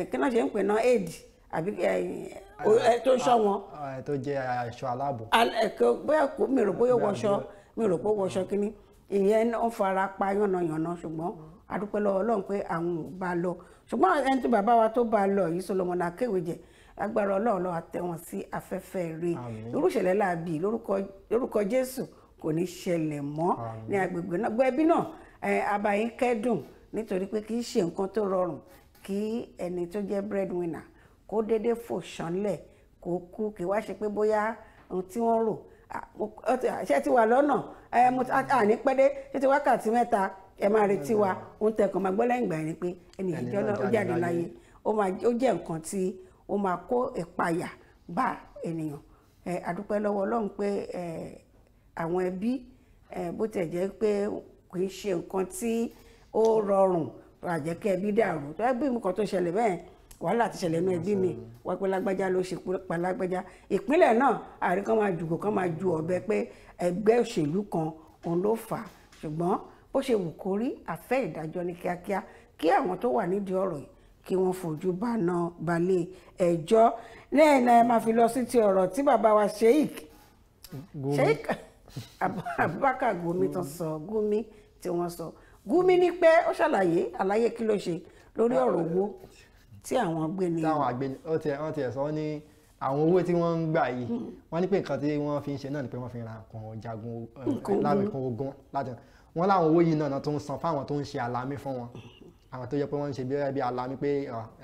kí náà ṣe ń pè náà éèdì àbí ẹ tó ń ṣọ́ wọn. ẹ tó jẹ aṣọ aláàbò. bóyá kò mi rò bóyá wọṣọ mi rò pé wọṣọ kínní ìyẹn ń fara pa yànnàyànnà ṣùgbọ́n adúpẹ́ lọ́wọ́ ọlọ́run pé àwọn ò bá lọ ṣùgbọ́n ẹni tí bàbá wa tó bá lọ yìí Solomon Akéwìjẹ agbára ọlọ́run lọ́wọ́ àtẹ̀wọ̀n sí afẹ́fẹ́ rẹ̀ irú ìṣẹ̀lẹ̀ láàbì lórúkọ Jésù kò ní ṣẹlẹ̀ mọ́ ní agbègbè náà gbẹ̀bí náà abayín kẹ́dùn nítorí pé kì í ṣe nǹkan tó rọrùn kí ẹni tó jẹ́ breadwinner kó déédéé fò ṣánlẹ̀ kó kú kí wá ṣe pé bóyá ohun tí wọ́n rò ṣé ti wà lọ́nà àní pẹ́dẹ́ ṣé ti wákàtí mẹ́ta ẹ máa retí wa ohun tẹ̀kàn máa gbọ́ lẹ́yìn ìgbà yẹn ni pé ẹnì ìjọ náà ó jáde láyé ó jẹ́ nǹkan tí ó máa kó ìpayà bá ènìyàn àdúpẹ́ lọ́wọ́ Ọlọ́run pé àwọn ẹbí bó tẹ̀ jẹ́ pé kì í ṣe nǹkan tí ó rọrùn àjẹkẹ́ ẹbí dàrú tó ẹgbẹ́ mi kan tó ṣẹlẹ̀ bẹ́ẹ̀ wàhálà ti ṣẹlẹ̀ nú ẹbí mi wọ́n pé lágbájá ló ṣe pa lágbájá ìpínlẹ̀ náà àrí kan máa jùgò kan máa ju ọ̀bẹ pé ẹgbẹ́ òṣèlú kan òun ló fà á ṣùgbọ́n bó ṣe wù kó rí àfẹ́ ìdájọ́ ní kíákíá kí àwọn tó wà nídìí ọ̀rọ̀ yìí kí wọ́n fojú báná balẹ̀ ẹjọ́ lẹ́yìn náà máa fi lọ sí ti ọ̀rọ̀ tí bàbá wa sheik sheik abubakar gumi tó sọ gumi tí wọ́n sọ gumi ní pé ó ṣàlàyé àlàyé kí ló ṣe lórí ah, ọ̀rọ̀ owó tí àwọn gbé ní. táwọn àgbẹ̀ ọ tiẹ̀ ọ tiẹ̀ sọ ní àwọn owó tí wọ́n ń gbà yìí hmm. wọ́n ní pé nǹkan tí wọ́n fi ń ṣe náà ni pé wọ́n fi ra nǹkan jagun láwọn eh, ogun láti wọ́n láwọn owó yìí náà tó ń san fáwọn tó ń ṣe alámí fún wọn àwọn tó yẹ pé wọ́n ń ṣe bí ẹbí alámí pé.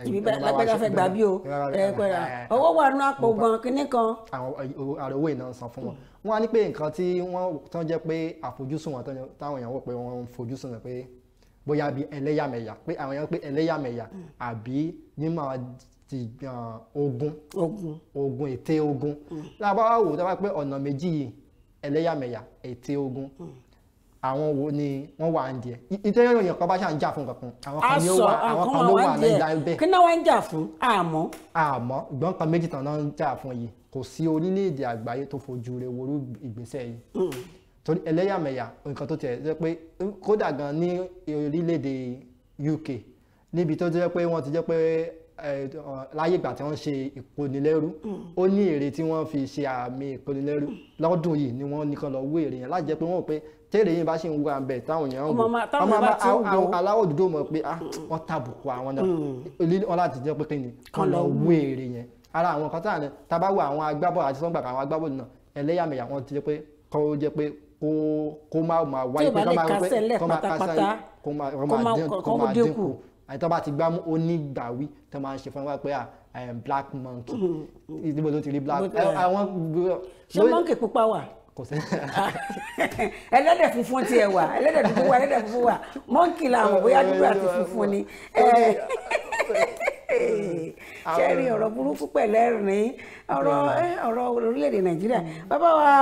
ìbí ah, lágbájá fẹ́ gbà bí o ẹ̀ẹ́dẹ́gbẹ̀rẹ̀ eh, owó wà nínú àpò gan kínní kan. àwọn àrò owó ìná san fún wọn wọ́n á ní pé nǹkan tí wọ́n tán jẹ́ pé àfojúsùn wọn táwọn èèyàn wò pé wọ́n fojúsùn rẹ̀ pé bóyá bíi ẹlẹ́yàmẹ̀yà pé àwọn èèyàn pé ẹlẹ́yàmẹ̀yà mm. àbí mímọ̀ ti ogun ogun ète ogun lábáwá mm. wò dábàá pé ọ̀nà méjì yìí ẹlẹ́yàmẹ̀yà ète ogun mm. àwọn wo ni wọ́n wà ń díẹ̀ ìtẹ́yẹ ìròyìn kan bá ṣáà ń jà fún kankan àwọn kan ni ó wà àwọn kan ló wà lẹ́yìn ẹgbẹ́ kí náà wọ́n ń jà fún àmọ́. àmọ́ ìgbọ́n kan méjì tán náà ń jà fún yìí kò sí orílẹ̀-èdè àgbáyé tó fojú rẹ̀ worú ìgbésẹ̀ yìí torí ẹlẹ́yàmẹ̀yà nǹkan tó tiẹ̀ jẹ́ pé kódà gan ní orílẹ̀-èdè UK níbi tó jẹ́ pé wọ́n ti jẹ́ pé láyé ìgbà tí wọ́n ṣe ìkónilẹ́rú ó ní èrè tí wọ́n fi ṣe àmì ìkónilẹ́rú lọ́dún yìí ni wọ́n nìkan lọ wó èrè yẹn láti jẹ́ pé wọ́n rò pé tẹ́rẹ̀ yìí bá ṣe ń wúra bẹ̀ táwọn èèyàn ń wò ọmọ aláwọ̀ dúdú mọ̀ pé ah, wọ́n tàbùkù àwọn náà hmm. wọ́n láti jẹ́ pé kí ni kán lọ wó èrè yẹn ara àwọn kan táwọn tábà wo àwọn agbábọ̀ àti sọ́ngbà àwọn agbábọ̀ náà ẹlẹ́yàmẹ̀yà wọn ti jẹ́ pé kọ́ jẹ́ pé kó kó má máa wáyé pé kó máa pé kó máa kásá kó máa kó máa dínkù àìtọ́ bá ti gbámú onígbàwí tó máa ń ṣe fún wa pé ah, black monkey mm-hmm. níbo ló ti rí black àwọn. ṣé monkey pupa wà kò sí. ẹlẹ́dẹ̀ funfun ti ẹ̀ wà ẹlẹ́dẹ̀ dúdú wà ẹlẹ́dẹ̀ funfun wà monkey làwọn bóyá dúdú àti funfun ni. ṣe rí ọ̀rọ̀ burúkú pẹ̀lú ẹ̀rín ọ̀rọ̀ ọ̀rọ̀ orílẹ̀-èdè nàìjíríà bàbá wa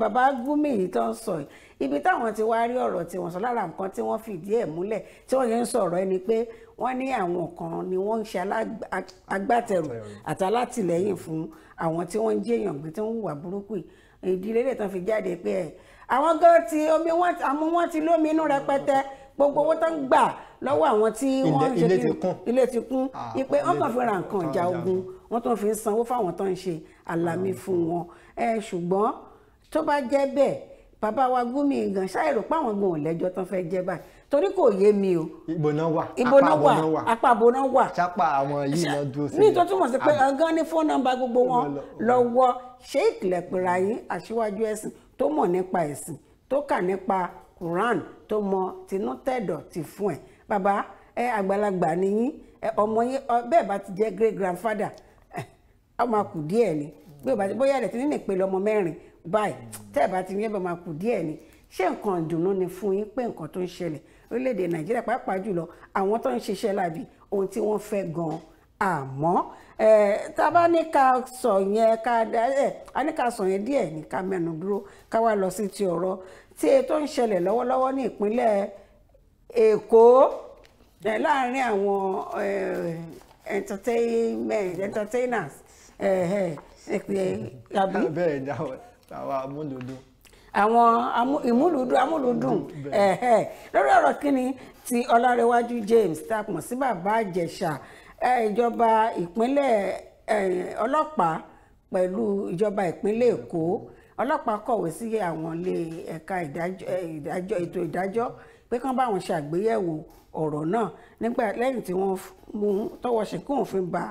bàbá Gumi yìí tó ń sọ ibi táwọn ti wá rí ọ̀rọ̀ tí wọ́n sọ lára nǹkan tí wọ́n fìdí ẹ̀ múlẹ̀ tí wọ́n yẹn ń sọ̀rọ̀ ẹni pé wọ́n ní àwọn kan ni wọ́n ń ṣe agbátẹrù àti alátìlẹ́yìn fún àwọn tí wọ́n ń jẹ́yàn gbé tí wọ́n ń hùwà burúkú ìdílé lè tán fi jáde pé ẹ̀ àwọn gan ti omi wọn ti lómi inú rẹpẹtẹ gbogbo owó tó ń gbà lọ́wọ́ àwọn tí wọ́n ń ṣe ilé ti kún ipe ah, wọ́n kàn fi ra nǹkan ìjà ogun wọ́n tó fi ń sanwó fáwọn tó ń ṣe àlàmì fún wọn ṣùgbọ́n tó bá jẹ́ bẹ́ẹ̀ bàbá wa Gumi gan ṣáìrò páwọn gan ò lẹ́jọ́ tó fẹ́ jẹ́ báyìí torí kò yé mi o. ibo náà wà ibo náà wà apàbò náà wà. sápà àwọn yìí náà dúró sílẹ̀. ní ìtọ́jú mọ̀ sí pé ọ̀gán ní fóònù nọ́mbà gbogbo wọn lọ́wọ́ ṣé ìkìlẹ̀ pèrè ayé aṣíwájú ẹ̀sìn tó mọ̀ nípa ẹ̀sìn tó kà nípa quran tó mọ tinú tẹ̀dọ̀ ti fún ẹ̀ bàbá ẹ àgbàlagbà ni yín ọmọ yín bẹ́ẹ̀ bá ti jẹ́ great grandfather ọmọ kù díẹ̀ ni bóyá ẹ̀ ti ní ìpele ọmọ mẹ́rin báyìí tẹ́ẹ̀ bá ti ní ẹ̀bẹ̀ máa kù díẹ̀ ni ṣé nǹkan ìdùnnú ni fún yín pé nǹkan tó ń ṣẹlẹ̀ orílẹ̀-èdè nàìjíríà pàápàá jùlọ àwọn tó ń ṣiṣẹ́ láàbì ohun tí wọ́n fẹ́ gan-an àmọ́ tá a bá ní ká sọ yẹn ká a ní ká sọ yẹn díẹ̀ ní ká mẹ́nu dúró ká wá lọ sí ti ọ̀rọ̀ tí ètò ń ṣẹlẹ̀ lọ́wọ́lọ́wọ́ ní ìpínlẹ̀ Èkó láàárín àwọn entertainment entertainers àbí ah, bẹ́ẹ̀ ni àwọn amúlùdùn àwọn ìmúlùdùn amúlùdùn lórí ọ̀rọ̀ kínní ti Ọlárẹ̀wájú James tá a pọ̀ sí bàbá Ìjẹ̀ṣà ìjọba ìpínlẹ̀ ọlọ́pàá pẹ̀lú ìjọba ìpínlẹ̀ Èkó. Mm ọlọ́pàá kọ̀wé sí àwọn ilé ẹ̀ka ìdájọ́ eh, ètò ìdájọ́ pé kán báwọn ṣe àgbéyẹ̀wò ọ̀rọ̀ náà nígbà lẹ́yìn tí wọ́n mú tọwọ́ ṣìnkún òfin ba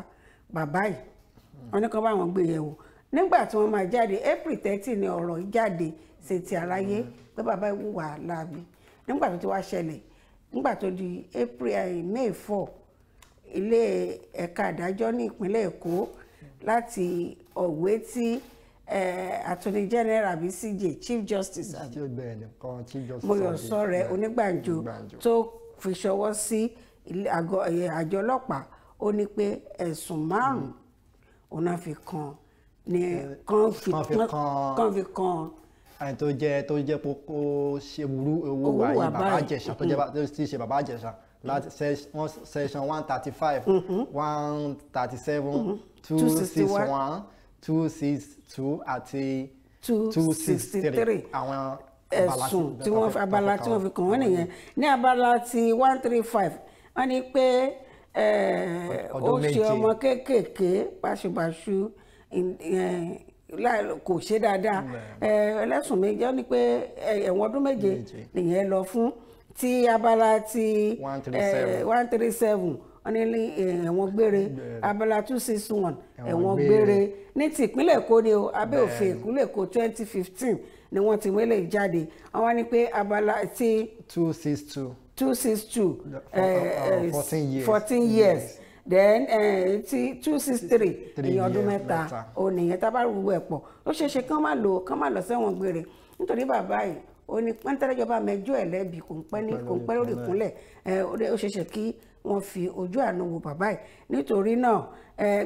bàbá yìí wọ́n ní kán báwọn gbé yẹ̀wò nígbà tí wọ́n máa jáde april thirty ni ọ̀rọ̀ jáde ṣe ti aráyé pé bàbá yìí wà láàbì nígbà tó ti wá ṣẹlẹ̀ nígbà tó di april eh, may four ilé ẹ̀ka ìdájọ́ ní ìpínlẹ̀ èkó láti ọ̀wé tí attorney general àbí cj chief justice Mọ́yọ̀sọ́rẹ́ Onígbànjo tó fi ṣọwọ́ sí àjọ ọlọ́pàá ó ní pé ẹ̀sùn márùn-ún òun náà fi kan ni kan fi kan ẹni tó jẹ tó jẹ pé kó ṣe burú owó wa bàbá àjẹsà tó jẹ tó ti ṣe bàbá àjẹsà láti section one thirty five mm-hmm. one thirty seven mm-hmm. two sixty one two six two àti two six three àwọn ẹ̀sùn tí wọ́n fi abala tí wọ́n fi kàn wọ́n nìyẹn ní abala ti one three five wọ́n ní pé ó ṣe ọmọ kéékèèké báṣubàṣu kò ṣe dáadáa ẹlẹ́sùn méje ó ní pé ẹ̀wọ̀n ọdún méje nìyẹn lọ fún ti abala ti one three seven wọ́n ní eh, ẹ̀wọ̀n gbére abala two six one ẹ̀wọ̀n gbére ní ti ìpínlẹ̀ èkó ni o abẹ́ òfin ìpínlẹ̀ èkó twenty fifteen ni wọ́n ti wọlé jáde àwọn ni pé abala ti. two six two. two six two. fourteen years. fourteen years. Yes then eh, ti two six three ìyẹn ọdún mẹ́ta ò nìyẹn tá a bá rú ẹ̀ pọ̀ ó ṣeé ṣe kán má lò kán má lọ sẹ́wọ̀n gbére nítorí bàbá yìí ó ní pẹ́ńtẹ́rẹ́jọba mẹ́jọ ẹ̀ lẹ́bi kò ń pẹ́ lórí ìkúnlẹ̀ eh, ó ṣeé ṣe kí wọ́n fi ojú àánú wo bàbá yìí nítorí náà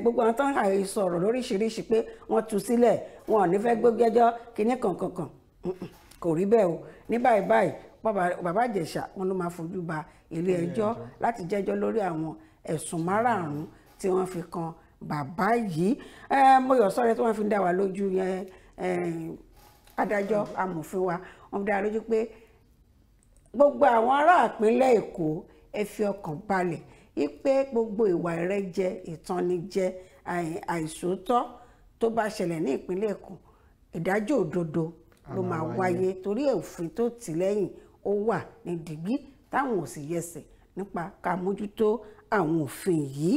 gbogbo àwọn tó ń hàì sọ̀rọ̀ lóríṣiríṣi pé wọ́n tú sílẹ̀ wọn ò ní fẹ́ gbẹ́jọ́ kínní kankankan kò rí bẹ́ẹ̀ o ní báyìí báyìí bàbá Ìjẹ̀ṣà wọn ló máa fojú ba ilé ẹjọ́ láti jẹ́jọ́ lórí àwọn ẹ̀sùn márààrún tí wọ́n fi kan bàbá yìí Mọ́yọ̀sọ́rẹ́ tí wọ́n fi ń dá wa lójú yẹn adájọ́ amòfin wa wọ́n fi dá wa lójú pé gbogbo àwọn ará ìpínlẹ̀ Èkó ẹ fi ọkàn balẹ̀ wípé gbogbo ìwà ìrẹ́jẹ ìtànnijẹ àìsòótọ́ tó bá ṣẹlẹ̀ ní ìpínlẹ̀ Èkó ìdájọ́ òdodo ló máa wáyé torí òfin tó tì lẹ́yìn ó wà ní dìgbí táwọn ò sì yẹsẹ̀ nípa ká mójútó àwọn òfin yìí.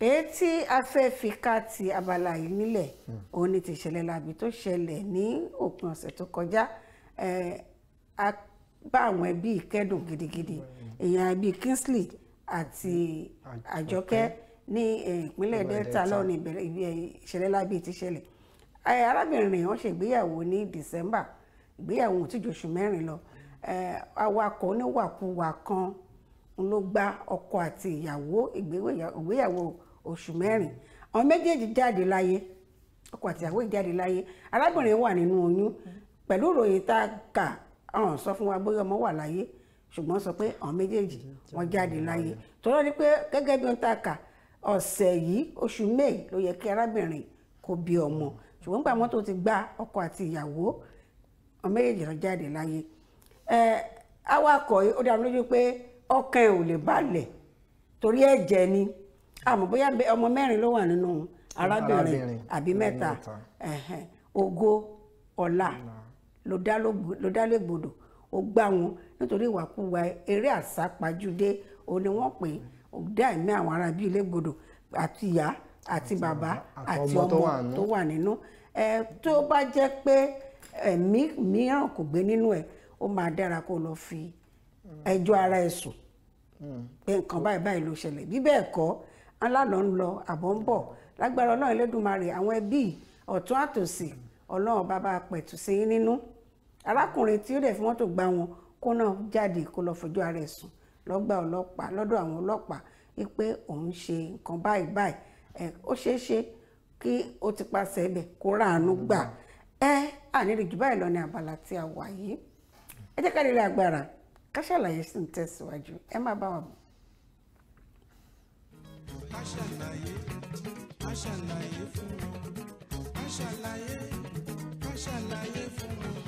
èyí tí ti abala yìí nílẹ̀ hmm. òun ni tìṣẹ̀lẹ̀ láabi tó ṣẹlẹ̀ ní òpin ọ̀sẹ̀ tó kọjá a bá àwọn ẹbí kẹ́dùn gidigidi èèyàn ẹbí Kingsley àti Àjọkẹ́ ní eh, ìpínlẹ̀ Delta lọ́nà ìbẹ̀rẹ̀ eh, ìṣẹ̀lẹ̀ lábí ti ṣẹlẹ̀ eh, arábìnrin wọn ṣe ní December ìgbéyàwó ò tíì ju oṣù mẹ́rin lọ awakọ̀ oníwàkuwà kan ló gba ọkọ àti ìyàwó ìgbéyàwó oṣù mẹ́rin àwọn méjèèjì jáde láyé ọkọ àti ìyàwó jáde láyé arábìnrin wà nínú oyún pẹ̀lú ìròyìn tá a kà àwọn sọ fún wa bóyá ọmọ wà láyé ṣùgbọ́n sọ pé àwọn méjèèjì wọ́n jáde láyé tọ́lọ́ ni pé gẹ́gẹ́ bí wọ́n ta kà ọ̀sẹ̀ yìí oṣù may ló yẹ kí arábìnrin kó bí ọmọ ṣùgbọ́n gbà wọ́n tó ti gba ọkọ àti ìyàwó àwọn méjèèjì lọ jáde láyé awakọ̀ ó dá lójú pé ọkàn ẹ̀ ò lè balẹ̀ torí ẹ̀jẹ̀ ni àmọ́ bóyá ọmọ mẹ́rin ló wà nínú arábìnrin àbí mẹ́ta ògo ọlá ló dá légbodò ó gbá wọn nítorí ìwàkuwà eré àsápajúdé òun ni wọ́n pè ó dá ẹ̀mí àwọn ará bíi légbodò àti ìyá àti bàbá àti ọmọ tó wà nínú ẹ tó bá jẹ́ pé ẹ̀mí mìíràn kò gbé nínú ẹ̀ ó máa dára kó lọ fi ẹjọ́ ara ẹ̀ sùn hmm. pé nǹkan báyìí báyìí ló ṣẹlẹ̀ bí bẹ́ẹ̀ kọ́ alálọ́ ń lọ àbọ̀ ń bọ̀ lágbára Ọlọ́run Elédùmarè àwọn ẹbí ọ̀tún àtòsì ọlọ́run bàbá pẹ̀tù sí i nínú arákùnrin tí ó dẹ̀ fi mọ́tò gbá wọn kó náà jáde kó lọ fojú ara ẹ̀ sùn lọ́gbà ọlọ́pàá lọ́dọ̀ àwọn ọlọ́pàá wípé òun ṣe nǹkan báyìí báyìí ẹ ó ṣeé ṣe kí ó ti paṣẹ ibẹ̀ kó ráàánú gbà ẹ ànírìjú báyìí lọ ní abala tí a wà yìí ẹ jẹ́ ká lè rí agbára ká ṣàlàyé sì ń tẹ̀síwájú ẹ má bá wa bọ̀. a ṣàlàyé a ṣàlàyé fún wọn ṣàlàyé ká ṣàlàyé fún wọn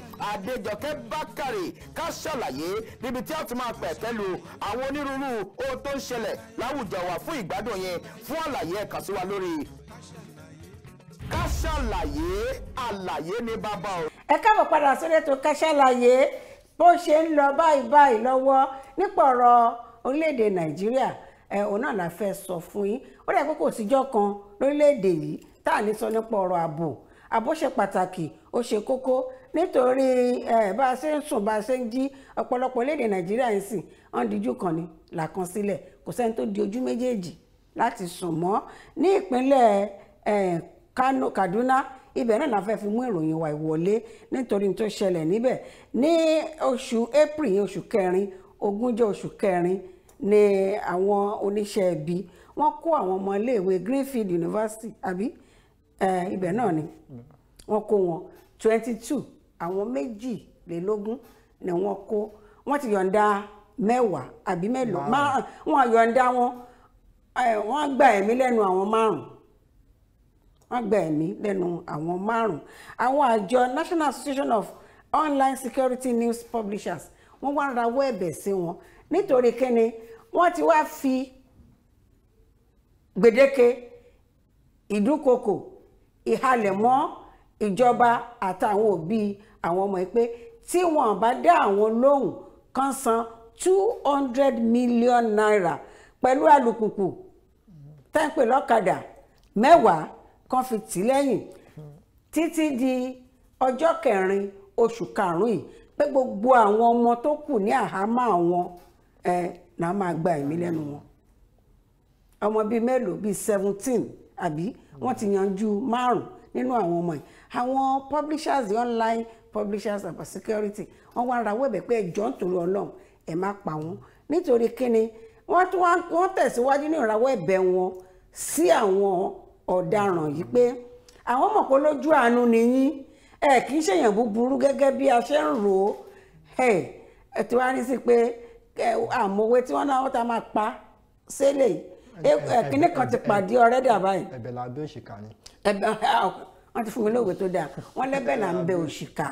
Adéjọkẹ́ Bákàrè ká ṣàlàyé níbi tí a ti máa pẹ̀kẹ́ lu àwọn onírúurú ohun tó ń ṣẹlẹ̀ láwùjọ wa fún ìgbádùn yẹn fún àlàyé ẹ kàn sí wa lórí ká ṣàlàyé àlàyé ní bàbá o. ẹ káàbọ̀ padà sórí ètò ká ṣàlàyé bó ṣe ń lọ báyìí báyìí lọ́wọ́ nípa ọ̀rọ̀ orílẹ̀-èdè nàìjíríà òun náà la fẹ́ sọ fún yín ó dẹ̀ pé síjọ́ kan lórílẹ̀-èdè yìí tá à ní sọ nípa ọ̀rọ̀ ààbò ààbò ṣe pàtàkì ó ṣe kókó nítorí bá a ṣe ń sùn bá a ṣe ń jí ọ̀pọ̀lọpọ̀ léde nàìjíríà ń sìn ọ̀n díjú kan ni làkan sílẹ̀ kò sẹ́ni tó di ojú méjèèjì láti sùn mọ́ ní ìpínlẹ̀ Kano Kaduna ibẹ̀ náà la fẹ́ fi mú ìròyìn wa ìwọlé nítorí tó ṣẹlẹ̀ níbẹ̀ ní oṣù April oṣù kẹrin ogúnjọ́ oṣù kẹrin ni àwọn oníṣẹ́ ibi wọ́n kó àwọn ọmọ iléèwé Greenfield University àbí ibẹ̀ náà ni wọ́n kó wọn twenty two àwọn méjìlélógún ni wọ́n kó wọ́n ti yọ̀ǹda mẹ́wàá àbí mẹ́lòó wọ́n yọ̀ǹda wọn wọ́n gba ẹ̀mí lẹ́nu àwọn márùn-ún wọ́n gba ẹ̀mí lẹ́nu àwọn márùn-ún àwọn àjọ National Association of Online Security News Publishers wọ́n wá rawọ́ ẹ̀bẹ̀ sí wọn nítorí kíni wọ́n ti wá fi gbèdéke ìdúnkokò ìhalẹ̀ ìjọba àtàwọn òbí àwọn ọmọ yìí pé tí wọn bá dá àwọn lóhùn kan san two hundred million naira pẹ̀lú alùpùpù tẹ́ǹpẹ̀ lọ́kadà mẹ́wàá kan fi tì lẹ́yìn títí di ọjọ́ kẹrin oṣù karùn-ún yìí pé gbogbo àwọn ọmọ tó kù ní àhámọ́ àwọn ẹ náà máa gba ẹ̀mí lẹ́nu wọn ọmọ bíi mélòó bíi seventeen àbí wọ́n ti yanjú márùn-ún nínú àwọn ọmọ yìí àwọn publishers online publishers and security wọ́n wá rawọ́ ẹ̀bẹ̀ pé ẹjọ́ nítorí ọlọ́run ẹ má pa wọ́n nítorí kíni wọ́n tún wọ́n tẹ̀síwájú ní ìrawọ́ ẹ̀bẹ̀ wọn sí àwọn ọ̀daràn yìí pé àwọn mọ̀ pé lójú àánú ni yín ẹ kì í ṣèyàn búburú gẹ́gẹ́ bí a ṣe ń rò ó ẹ ẹ ti wá ní sí pé àmọ̀wé tí wọ́n náà wọ́n ta máa pa sílẹ̀ kíní kan ti pàdé ọ̀rẹ́dà ẹ̀bẹ̀ làbẹ́ òṣìkà ni wọ́n ti fún mi lóògùn tó dáa wọ́n lẹ́bẹ̀ là ń bẹ òṣìkà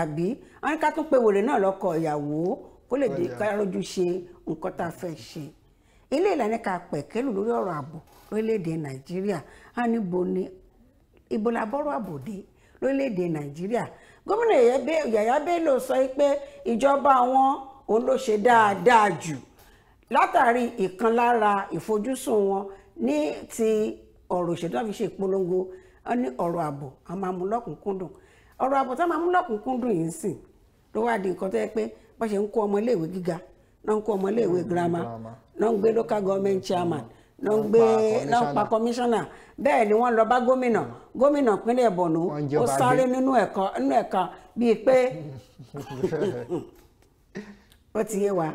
àbí wọ́n ká tún pe wèrè náà lọ́kọ ìyàwó kó lè dé kárójú ṣe nǹkan tá a fẹ́ ṣe ilé ìlànà ká pẹ̀kẹ́lù lórí ọ̀rọ̀ ààbò lórílẹ̀‐èdè nàìjíríà á ní bo ni ibo la bọ́rọ̀ ààbò lórílẹ̀‐èdè nàìjíríà gómìnà Yàyà Bello sọ pé ìjọba wọn òun ló ṣe dáadáa jù látàrí ìkan lára ìfojúsùn wọn ní ti ọ̀rọ̀ òṣèlú Ọ ní ọ̀rọ̀ ààbò a máa mú lọ́kùnkúndùn ọ̀rọ̀ ààbò tá a máa mú lọ́kùnkúndùn yìí ń sìn ló pé wọ́n ṣe ń kó ọmọ iléèwé gíga náà ń kó ọmọ iléèwé girama náà ń gbé local government chairman náà ń gbé náà ń pa bẹ́ẹ̀ ni wọ́n lọ bá gómìnà gómìnà pínlẹ̀ ti yé wa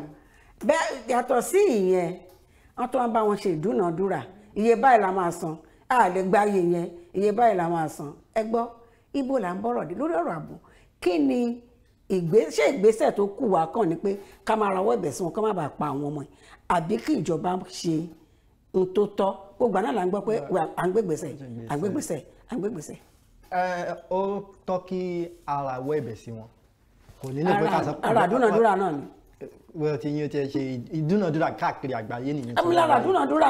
bẹ́ẹ̀ yàtọ̀ sí ìyẹn wọ́n bá wọn ṣe ìdúnàádúrà a lè gba iye yẹn iye báyìí la máa san ẹ gbọ́ ibo là ń bọ̀rọ̀ dé lórí ọ̀rọ̀ ààbò kí ni ṣé ìgbésẹ̀ tó kù wá kàn ni pé ká máa rawọ́ ẹ̀bẹ̀ sí wọn ká má bàa pa àwọn ọmọ yìí àbí kí ìjọba ṣe n tó tọ́ gbogbo àná là ń gbọ́ pé à ń gbégbèsè à ń gbégbèsè à ń gbégbèsè. ẹ ó tọ́ kí ara wọ ẹ̀bẹ̀ sí wọn kò nílò pé ká sọ. ara àdúnàdúrà náà ni wọ́n ti yín ti ṣe ìdúnàdúrà káàkiri àgbáyé nìyẹn. ẹ mú náà ah, ni. àdúnàdúrà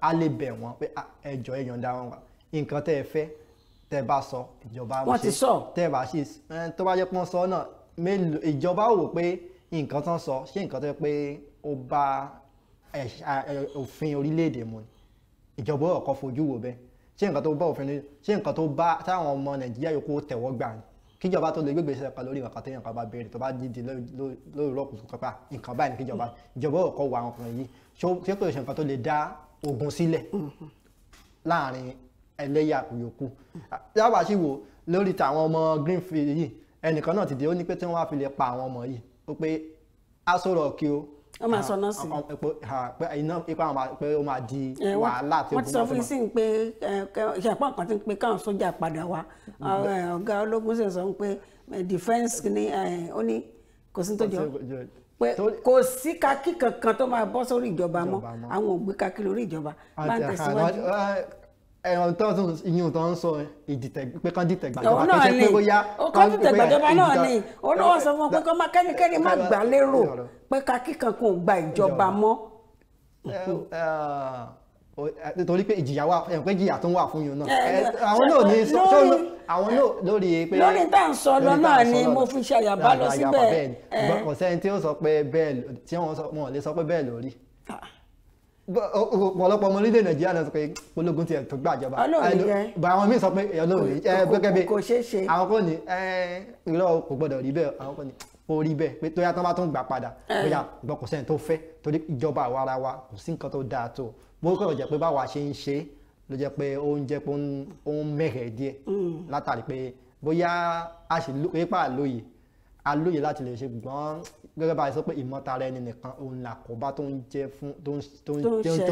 a lè bẹ̀ wọ́n pé ẹjọ́ ah, ẹ wọn wá nǹkan tẹ́ ẹ fẹ́ tẹ́ bá sọ ìjọba wọn ti sọ tẹ́ bá ṣe tó bá jẹ́ pọ́n sọ náà mélòó ìjọba wò pé nǹkan tán sọ ṣé nǹkan tẹ́ pé ó bá òfin orílẹ̀-èdè mu ni ìjọba ọ̀kọ́ fojú wò bẹ́ẹ̀ ṣé nǹkan tó bá òfin ṣé nǹkan tó bá táwọn ọmọ Nàìjíríà yòókù tẹ̀wọ́ gbà ni kíjọba tó lè gbé gbèsè kan lórí nǹkan téèyàn kan bá béèrè tó bá dìde lórí rọ́ọ̀kù tó kápá nǹkan báyìí ní kíjọba ìjọba ò kọ́ wa àwọn ọkùnrin yìí ṣé kò ṣe nǹkan tó lè dá ogun sílẹ̀ láàrin ẹlẹ́yà yòókù yàrá sì wò lórí tàwọn ọmọ Greenfield yìí ẹnìkan náà ti dé ó ní pé tí wọ́n wá fi lè pa àwọn ọmọ yìí ó pé aṣọ rọ̀ kí o wọ́n máa sọ ah, náà sí. Ah, ah, pé iná ipa pé ó máa di eh, wàhálà tí o máa fi sọ fún ìṣàpọ̀ kan ti pe káwọn sójà padà wá mm-hmm. eh, ọ̀gá ológun sì sọ pé eh, defence ni ó ní kò sí tó jọ pé kò sí kakí kankan tó máa bọ́ sórí ìjọba mọ́ àwọn ò gbé kakí lórí ìjọba máa ń tẹ̀síwájú ẹran tó ń iyún tó ń sọ ìdìtẹ̀ pé kán dìtẹ̀ gbàjọba kí ṣe pé bóyá kán dìtẹ̀ gbàjọba náà ni olówó sọ fún pé kán má kẹ́nikẹ́ni má gbà lérò pé ká kíkan kò gba ìjọba mọ́. torí pé ìjìyà wà ẹ̀ pé ìjìyà tó ń wà fún yun náà àwọn náà ní àwọn náà lórí pé lórí tá à ń sọ lọ náà ni mo fi ṣàyàbá lọ síbẹ̀. ṣùgbọ́n kò sẹ́ni tí ó sọ pé bẹ́ẹ̀ tí wọ́n lè sọ pé bẹ́ẹ̀ lórí ọ̀pọ̀lọpọ̀ ọmọ orílẹ̀ nàìjíríà náà sọ pé ológun tiẹ̀ tó gbàjọba bá àwọn míì sọ pé èèyàn ló rí gẹ́gẹ́ bí àwọn kò ní irọ́ kò gbọ́dọ̀ rí bẹ́ẹ̀ àwọn kò ní kò rí bẹ́ẹ̀ pé tóyá tán bá tún gbà padà bóyá ìgbọ́n kò sẹ́ni tó fẹ́ torí ìjọba àwa ara wa kò sí nǹkan tó dáa tó mo kọ̀ jẹ́ pé báwa ṣe ń ṣe ló jẹ́ pé ó pé ó ń mẹ̀rẹ̀ díẹ̀ látàrí pé bóyá a sì lóye alóye láti lè ṣe gbọ́n gẹ́gẹ́ bá a sọ pé ìmọ̀tara ẹni nìkan òun làkóbá tó ń jẹ́ fún tó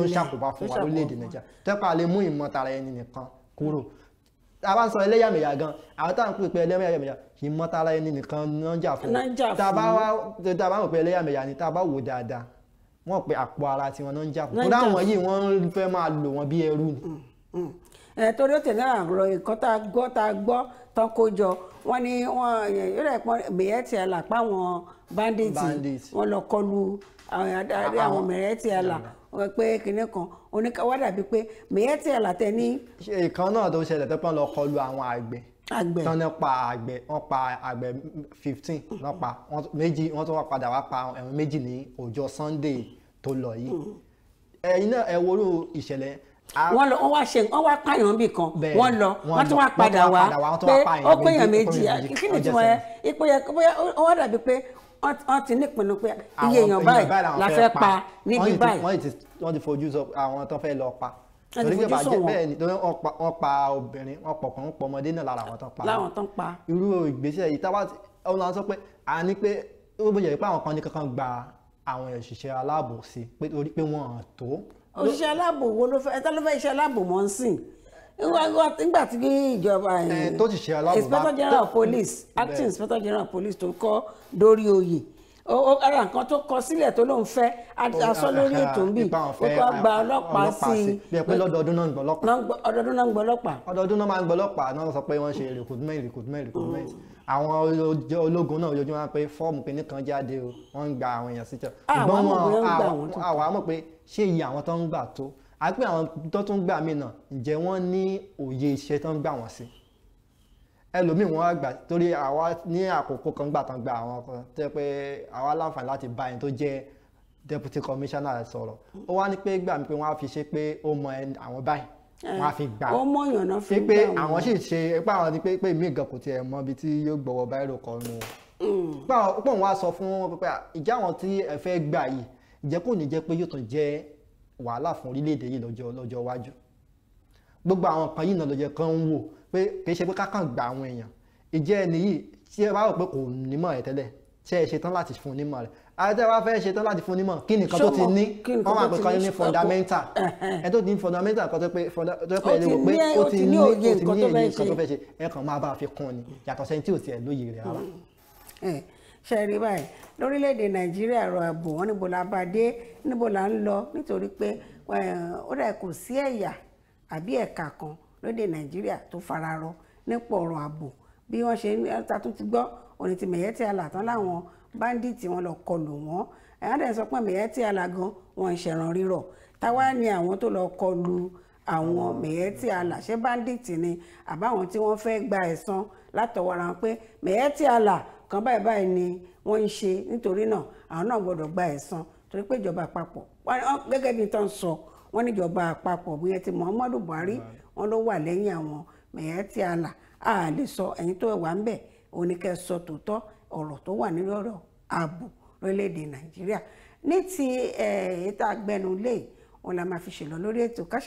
ń ṣàkóbá fún wa lórílẹ̀‐èdè nàìjíríà tẹ́pà lè mú ìmọ̀tara ẹni nìkan kúrò tá a bá ń sọ ẹlẹ́yàmẹ̀yà gan àwọn táwọn pè pé ẹlẹ́yàmẹ̀yà ìmọ̀tara ẹni nìkan náà fún tá a bá wò pé ẹlẹ́yàmẹ̀yà ni tá a bá wò dáadáa wọ́n pe àpò ara tiwọn náà fún kódà wọ́n yìí wọ́n fẹ́ máa lò wọ́n bí ẹrú ni. Mm ẹ mm. eh, torí ó tẹ̀lé àrùn nǹkan tá a gbọ́ tá a gbọ́ tán kó jọ wọ́n ní wọ́n rẹ̀ pọ́n mẹ̀yẹ́tì àlà páwọn bandits wọ́n lọ kọlu àwọn mẹ̀yẹ́tì àlà pé kinní kan oníkàwá dàbí pé mẹ̀yẹ́tì àlà tẹ ní. ìkan náà tó ṣẹlẹ̀ tó pọ́n lọ kọlu àwọn àgbẹ̀ tán ní pa àgbẹ̀ wọ́n pa àgbẹ̀ fifteen wọ́n méjì wọ́n tún wá padà wá pa ẹ̀wọ̀n méjì ní ọjọ́ Sunday tó lọ yìí mm. ẹ̀yin náà ẹ worú ìṣẹ̀lẹ̀ Ah. wọ́n lọ wọ́n wá ṣe wọ́n wá pààyàn bì kan wọ́n lọ wọ́n tún wá padà wá pé ó péyàn méjì kí ni tiwọn yẹn ipò yẹn wọ́n dàbí pé wọ́n ti nípinnu pé iye èèyàn báyìí la fẹ́ pa níbi báyìí. wọ́n ti fojú sọ àwọn tó fẹ́ lọ pa torí pé bàjẹ́ bẹ́ẹ̀ ni torí wọ́n pa obìnrin wọ́n pọ̀ kan pọ̀ ọmọdé náà lára àwọn tó pa. láwọn tó pa. irú ìgbésẹ̀ yìí táwa ọ̀nà sọ pé à ní pé ó bẹ̀rẹ̀ pé àwọn kan ní kankan gba àwọn òṣìṣẹ́ aláàbò sí pé torí pé wọ́n tó òṣìṣẹ́ aláàbò wo ló fẹ́ ẹ tá ló fẹ́ iṣẹ́ aláàbò mọ́ ń sìn nígbà tí ìjọba eh, inspector general of police acting inspector general of police tó kọ́ dórí oyè ara nǹkan tó kọ sílẹ̀ tó ló ń fẹ́ aṣọ lórí ètò ń bì ó kọ́ gba ọlọ́pàá sí i. bí ẹ pé lọ́dọọdún náà ń gbọ́ ọlọ́pàá. ọdọọdún náà ń gbọ́ ọlọ́pàá. ọdọọdún náà máa ń gbọ́ ọlọ́pàá náà sọ pé wọ́n ṣe recruitment recruitment recruitment àwọn ológun náà lójúmọ́ wọn pé fọ́ọ̀mù pé nìkan jáde o wọ́n ń gba àwọn èèyàn síjọ. ìgbọ́n wọn àwọn àmọ̀ pé ṣé iye àwọn tó ń gbà tó àti pé àwọn tó tún gbà mí náà ǹjẹ́ wọ́n ní òye iṣẹ́ tó ń gbà wọ́n sí. ẹlòmíì wọn gbà torí àwa ní àkókò kan gbà tán gba àwọn kan tẹ́ pé àwa láǹfààní láti bá ẹni tó jẹ́ deputy commissioner sọ̀rọ̀ ó wá ní pé gbà mí pé wọ́n á fi ṣe pé ó mọ àwọn báyìí wọn á fi gbà ó mọ̀yàn náà fi gbà wọn. pé àwọn sì ṣe pé àwọn ni pé mí gan kò tiẹ̀ mọ ibi tí yóò gbọ́wọ́ báyìí kọ́ nu. pé òun wá sọ fún wọn pé ìjà àwọn tí ẹ fẹ́ gbà yìí ìjẹ́ kò ní jẹ́ pé yóò tún jẹ́ wàhálà fún orílẹ̀ yìí lọ́jọ́ lọ́jọ́ iwájú gbogbo àwọn kan yìí náà ló yẹ ń wò pé kìí ṣe pé kákàn gba àwọn èèyàn ìjẹ́ ẹni yìí tí ẹ bá rò pé kò nímọ̀ rẹ̀ tẹ́lẹ̀ tí ẹ ṣe tán láti fún nímọ̀ rẹ̀ àtẹ wá fẹ́ ṣe tán láti fún nímọ̀ kí nìkan tó ti ní wọ́n máa pè kọ́ ní fọ̀ndámẹ́ntà ẹ tó ti ní fọ̀ndámẹ́ntà kan tó pé ẹ lè wò pé ó ti ní ó ti ní èyí kan tó fẹ́ ṣe ẹ kàn máa bá a fi kún ni yàtọ̀ sẹ́ni tí ò tiẹ̀ lóye rẹ̀ rárá. ṣe rí báyìí lórílẹ̀‐èdè nàìjíríà ọ̀rọ̀ ààbò wọn níbo la bá dé níbo la ń lọ nítorí pé ó dà kò sí ẹ̀yà àbí ẹ̀ka kan lóde nàìjíríà tó fararọ báńdíìtì wọn lọ kọlù wọn ẹ̀yán dẹ̀ sọ pé mẹ̀yẹ́tì alágan wọn ń ṣẹ̀ràn rírọ̀ táwa ni àwọn tó lọ kọlù àwọn mẹ̀yẹ́tì alà ṣé báńdíìtì ni àbáwọn tí wọ́n fẹ́ gba ẹ̀san látọwọ́ra pé mẹ̀yẹ́tì alà kan báyìí báyìí ni wọ́n ń ṣe nítorí náà àwọn náà gbọ́dọ̀ gba ẹ̀san torí pé ìjọba àpapọ̀ gẹ́gẹ́ bí tán sọ wọ́n níjọba àpapọ̀ bóyá ti Muhammadu Buhari wọ́n ló wà lẹ́yìn àwọn mẹ̀yẹ́tì alà a lè sọ ẹ̀yin tó wà ń bẹ̀ òun ni kẹ́ sọ tòótọ́ ọ̀rọ̀ tó wà nílò ọ̀rọ̀ ààbò lórílẹ̀‐èdè nàìjíríà ní ti ètò àgbẹnulé òun la máa fi ṣèlọ lórí ètò ká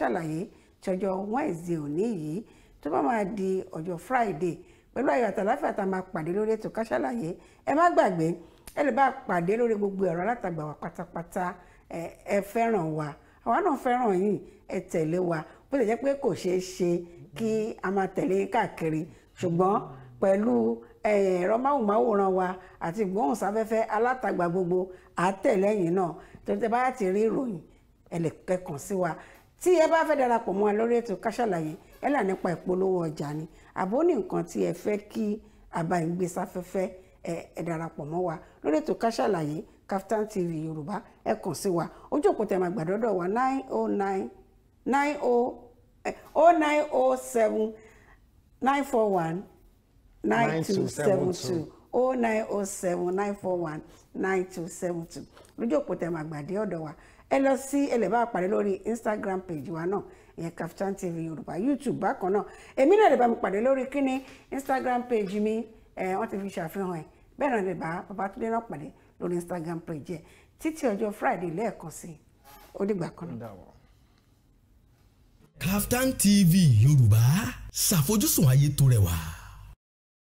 tí ọjọ́ Wednesday òní yìí tó bá máa di ọjọ́ Friday pẹ̀lú ayọ̀ àtàláfíà tá a máa pàdé lórí ètò ká ṣàlàyé ẹ má gbàgbé ẹ lè bá a pàdé lórí gbogbo ẹ̀rọ alátagbà wa pátápátá ẹ fẹ́ràn wa àwa náà fẹ́ràn yín ẹ tẹ̀lé wa bó ti jẹ́ pé kò ṣeé ṣe kí a máa tẹ̀lé káàkiri ṣùgbọ́n pẹ̀lú ẹ̀rọ máwòmáwòrán wa àti ìgbóhùnsáfẹ́fẹ́ alátagbà gbogbo àtẹ̀lẹ́yìn náà torí tẹ bá ti rí ìròyìn ẹ lè kẹ́kàn sí wa tí ẹ bá fẹ́ darapọ̀ mọ́ wa lórí ètò Ká Sálàyé ẹ là nípa ìpolówó ọjà ni àbó ní nǹkan tí ẹ fẹ́ kí àbá ìgbésáfẹ́fẹ́ ẹ darapọ̀ mọ́ wa lórí ètò Ká Sálàyé Kaftan TV Yorùbá ẹ kàn sí wa ojú òkúta ẹ̀ máa gbàdọ́dọ̀ wa nine oh nine nine oh oh nine oh seven nine four one. 9272 0907 941 9272 lójú òpó tẹ̀ máa gbàdé ọ̀dọ̀ wa ẹ lọ sí ẹ lè bá pàdé lórí instagram page wa náà ìyẹn Kaftan TV yorùbá youtube bákan náà èmi náà lè bá mi pàdé lórí kíní instagram page mi ẹ wọn ti fi ṣàfihàn ẹ bẹ́ẹ̀ náà lè bá Babátúndé náà pàdé lórí instagram page ẹ títí ọjọ́ friday lẹ́ẹ̀kan sí ó dìgbà kan náà. Kaftan TV yorùbá ṣàfojúsùn ayé tó rẹwà.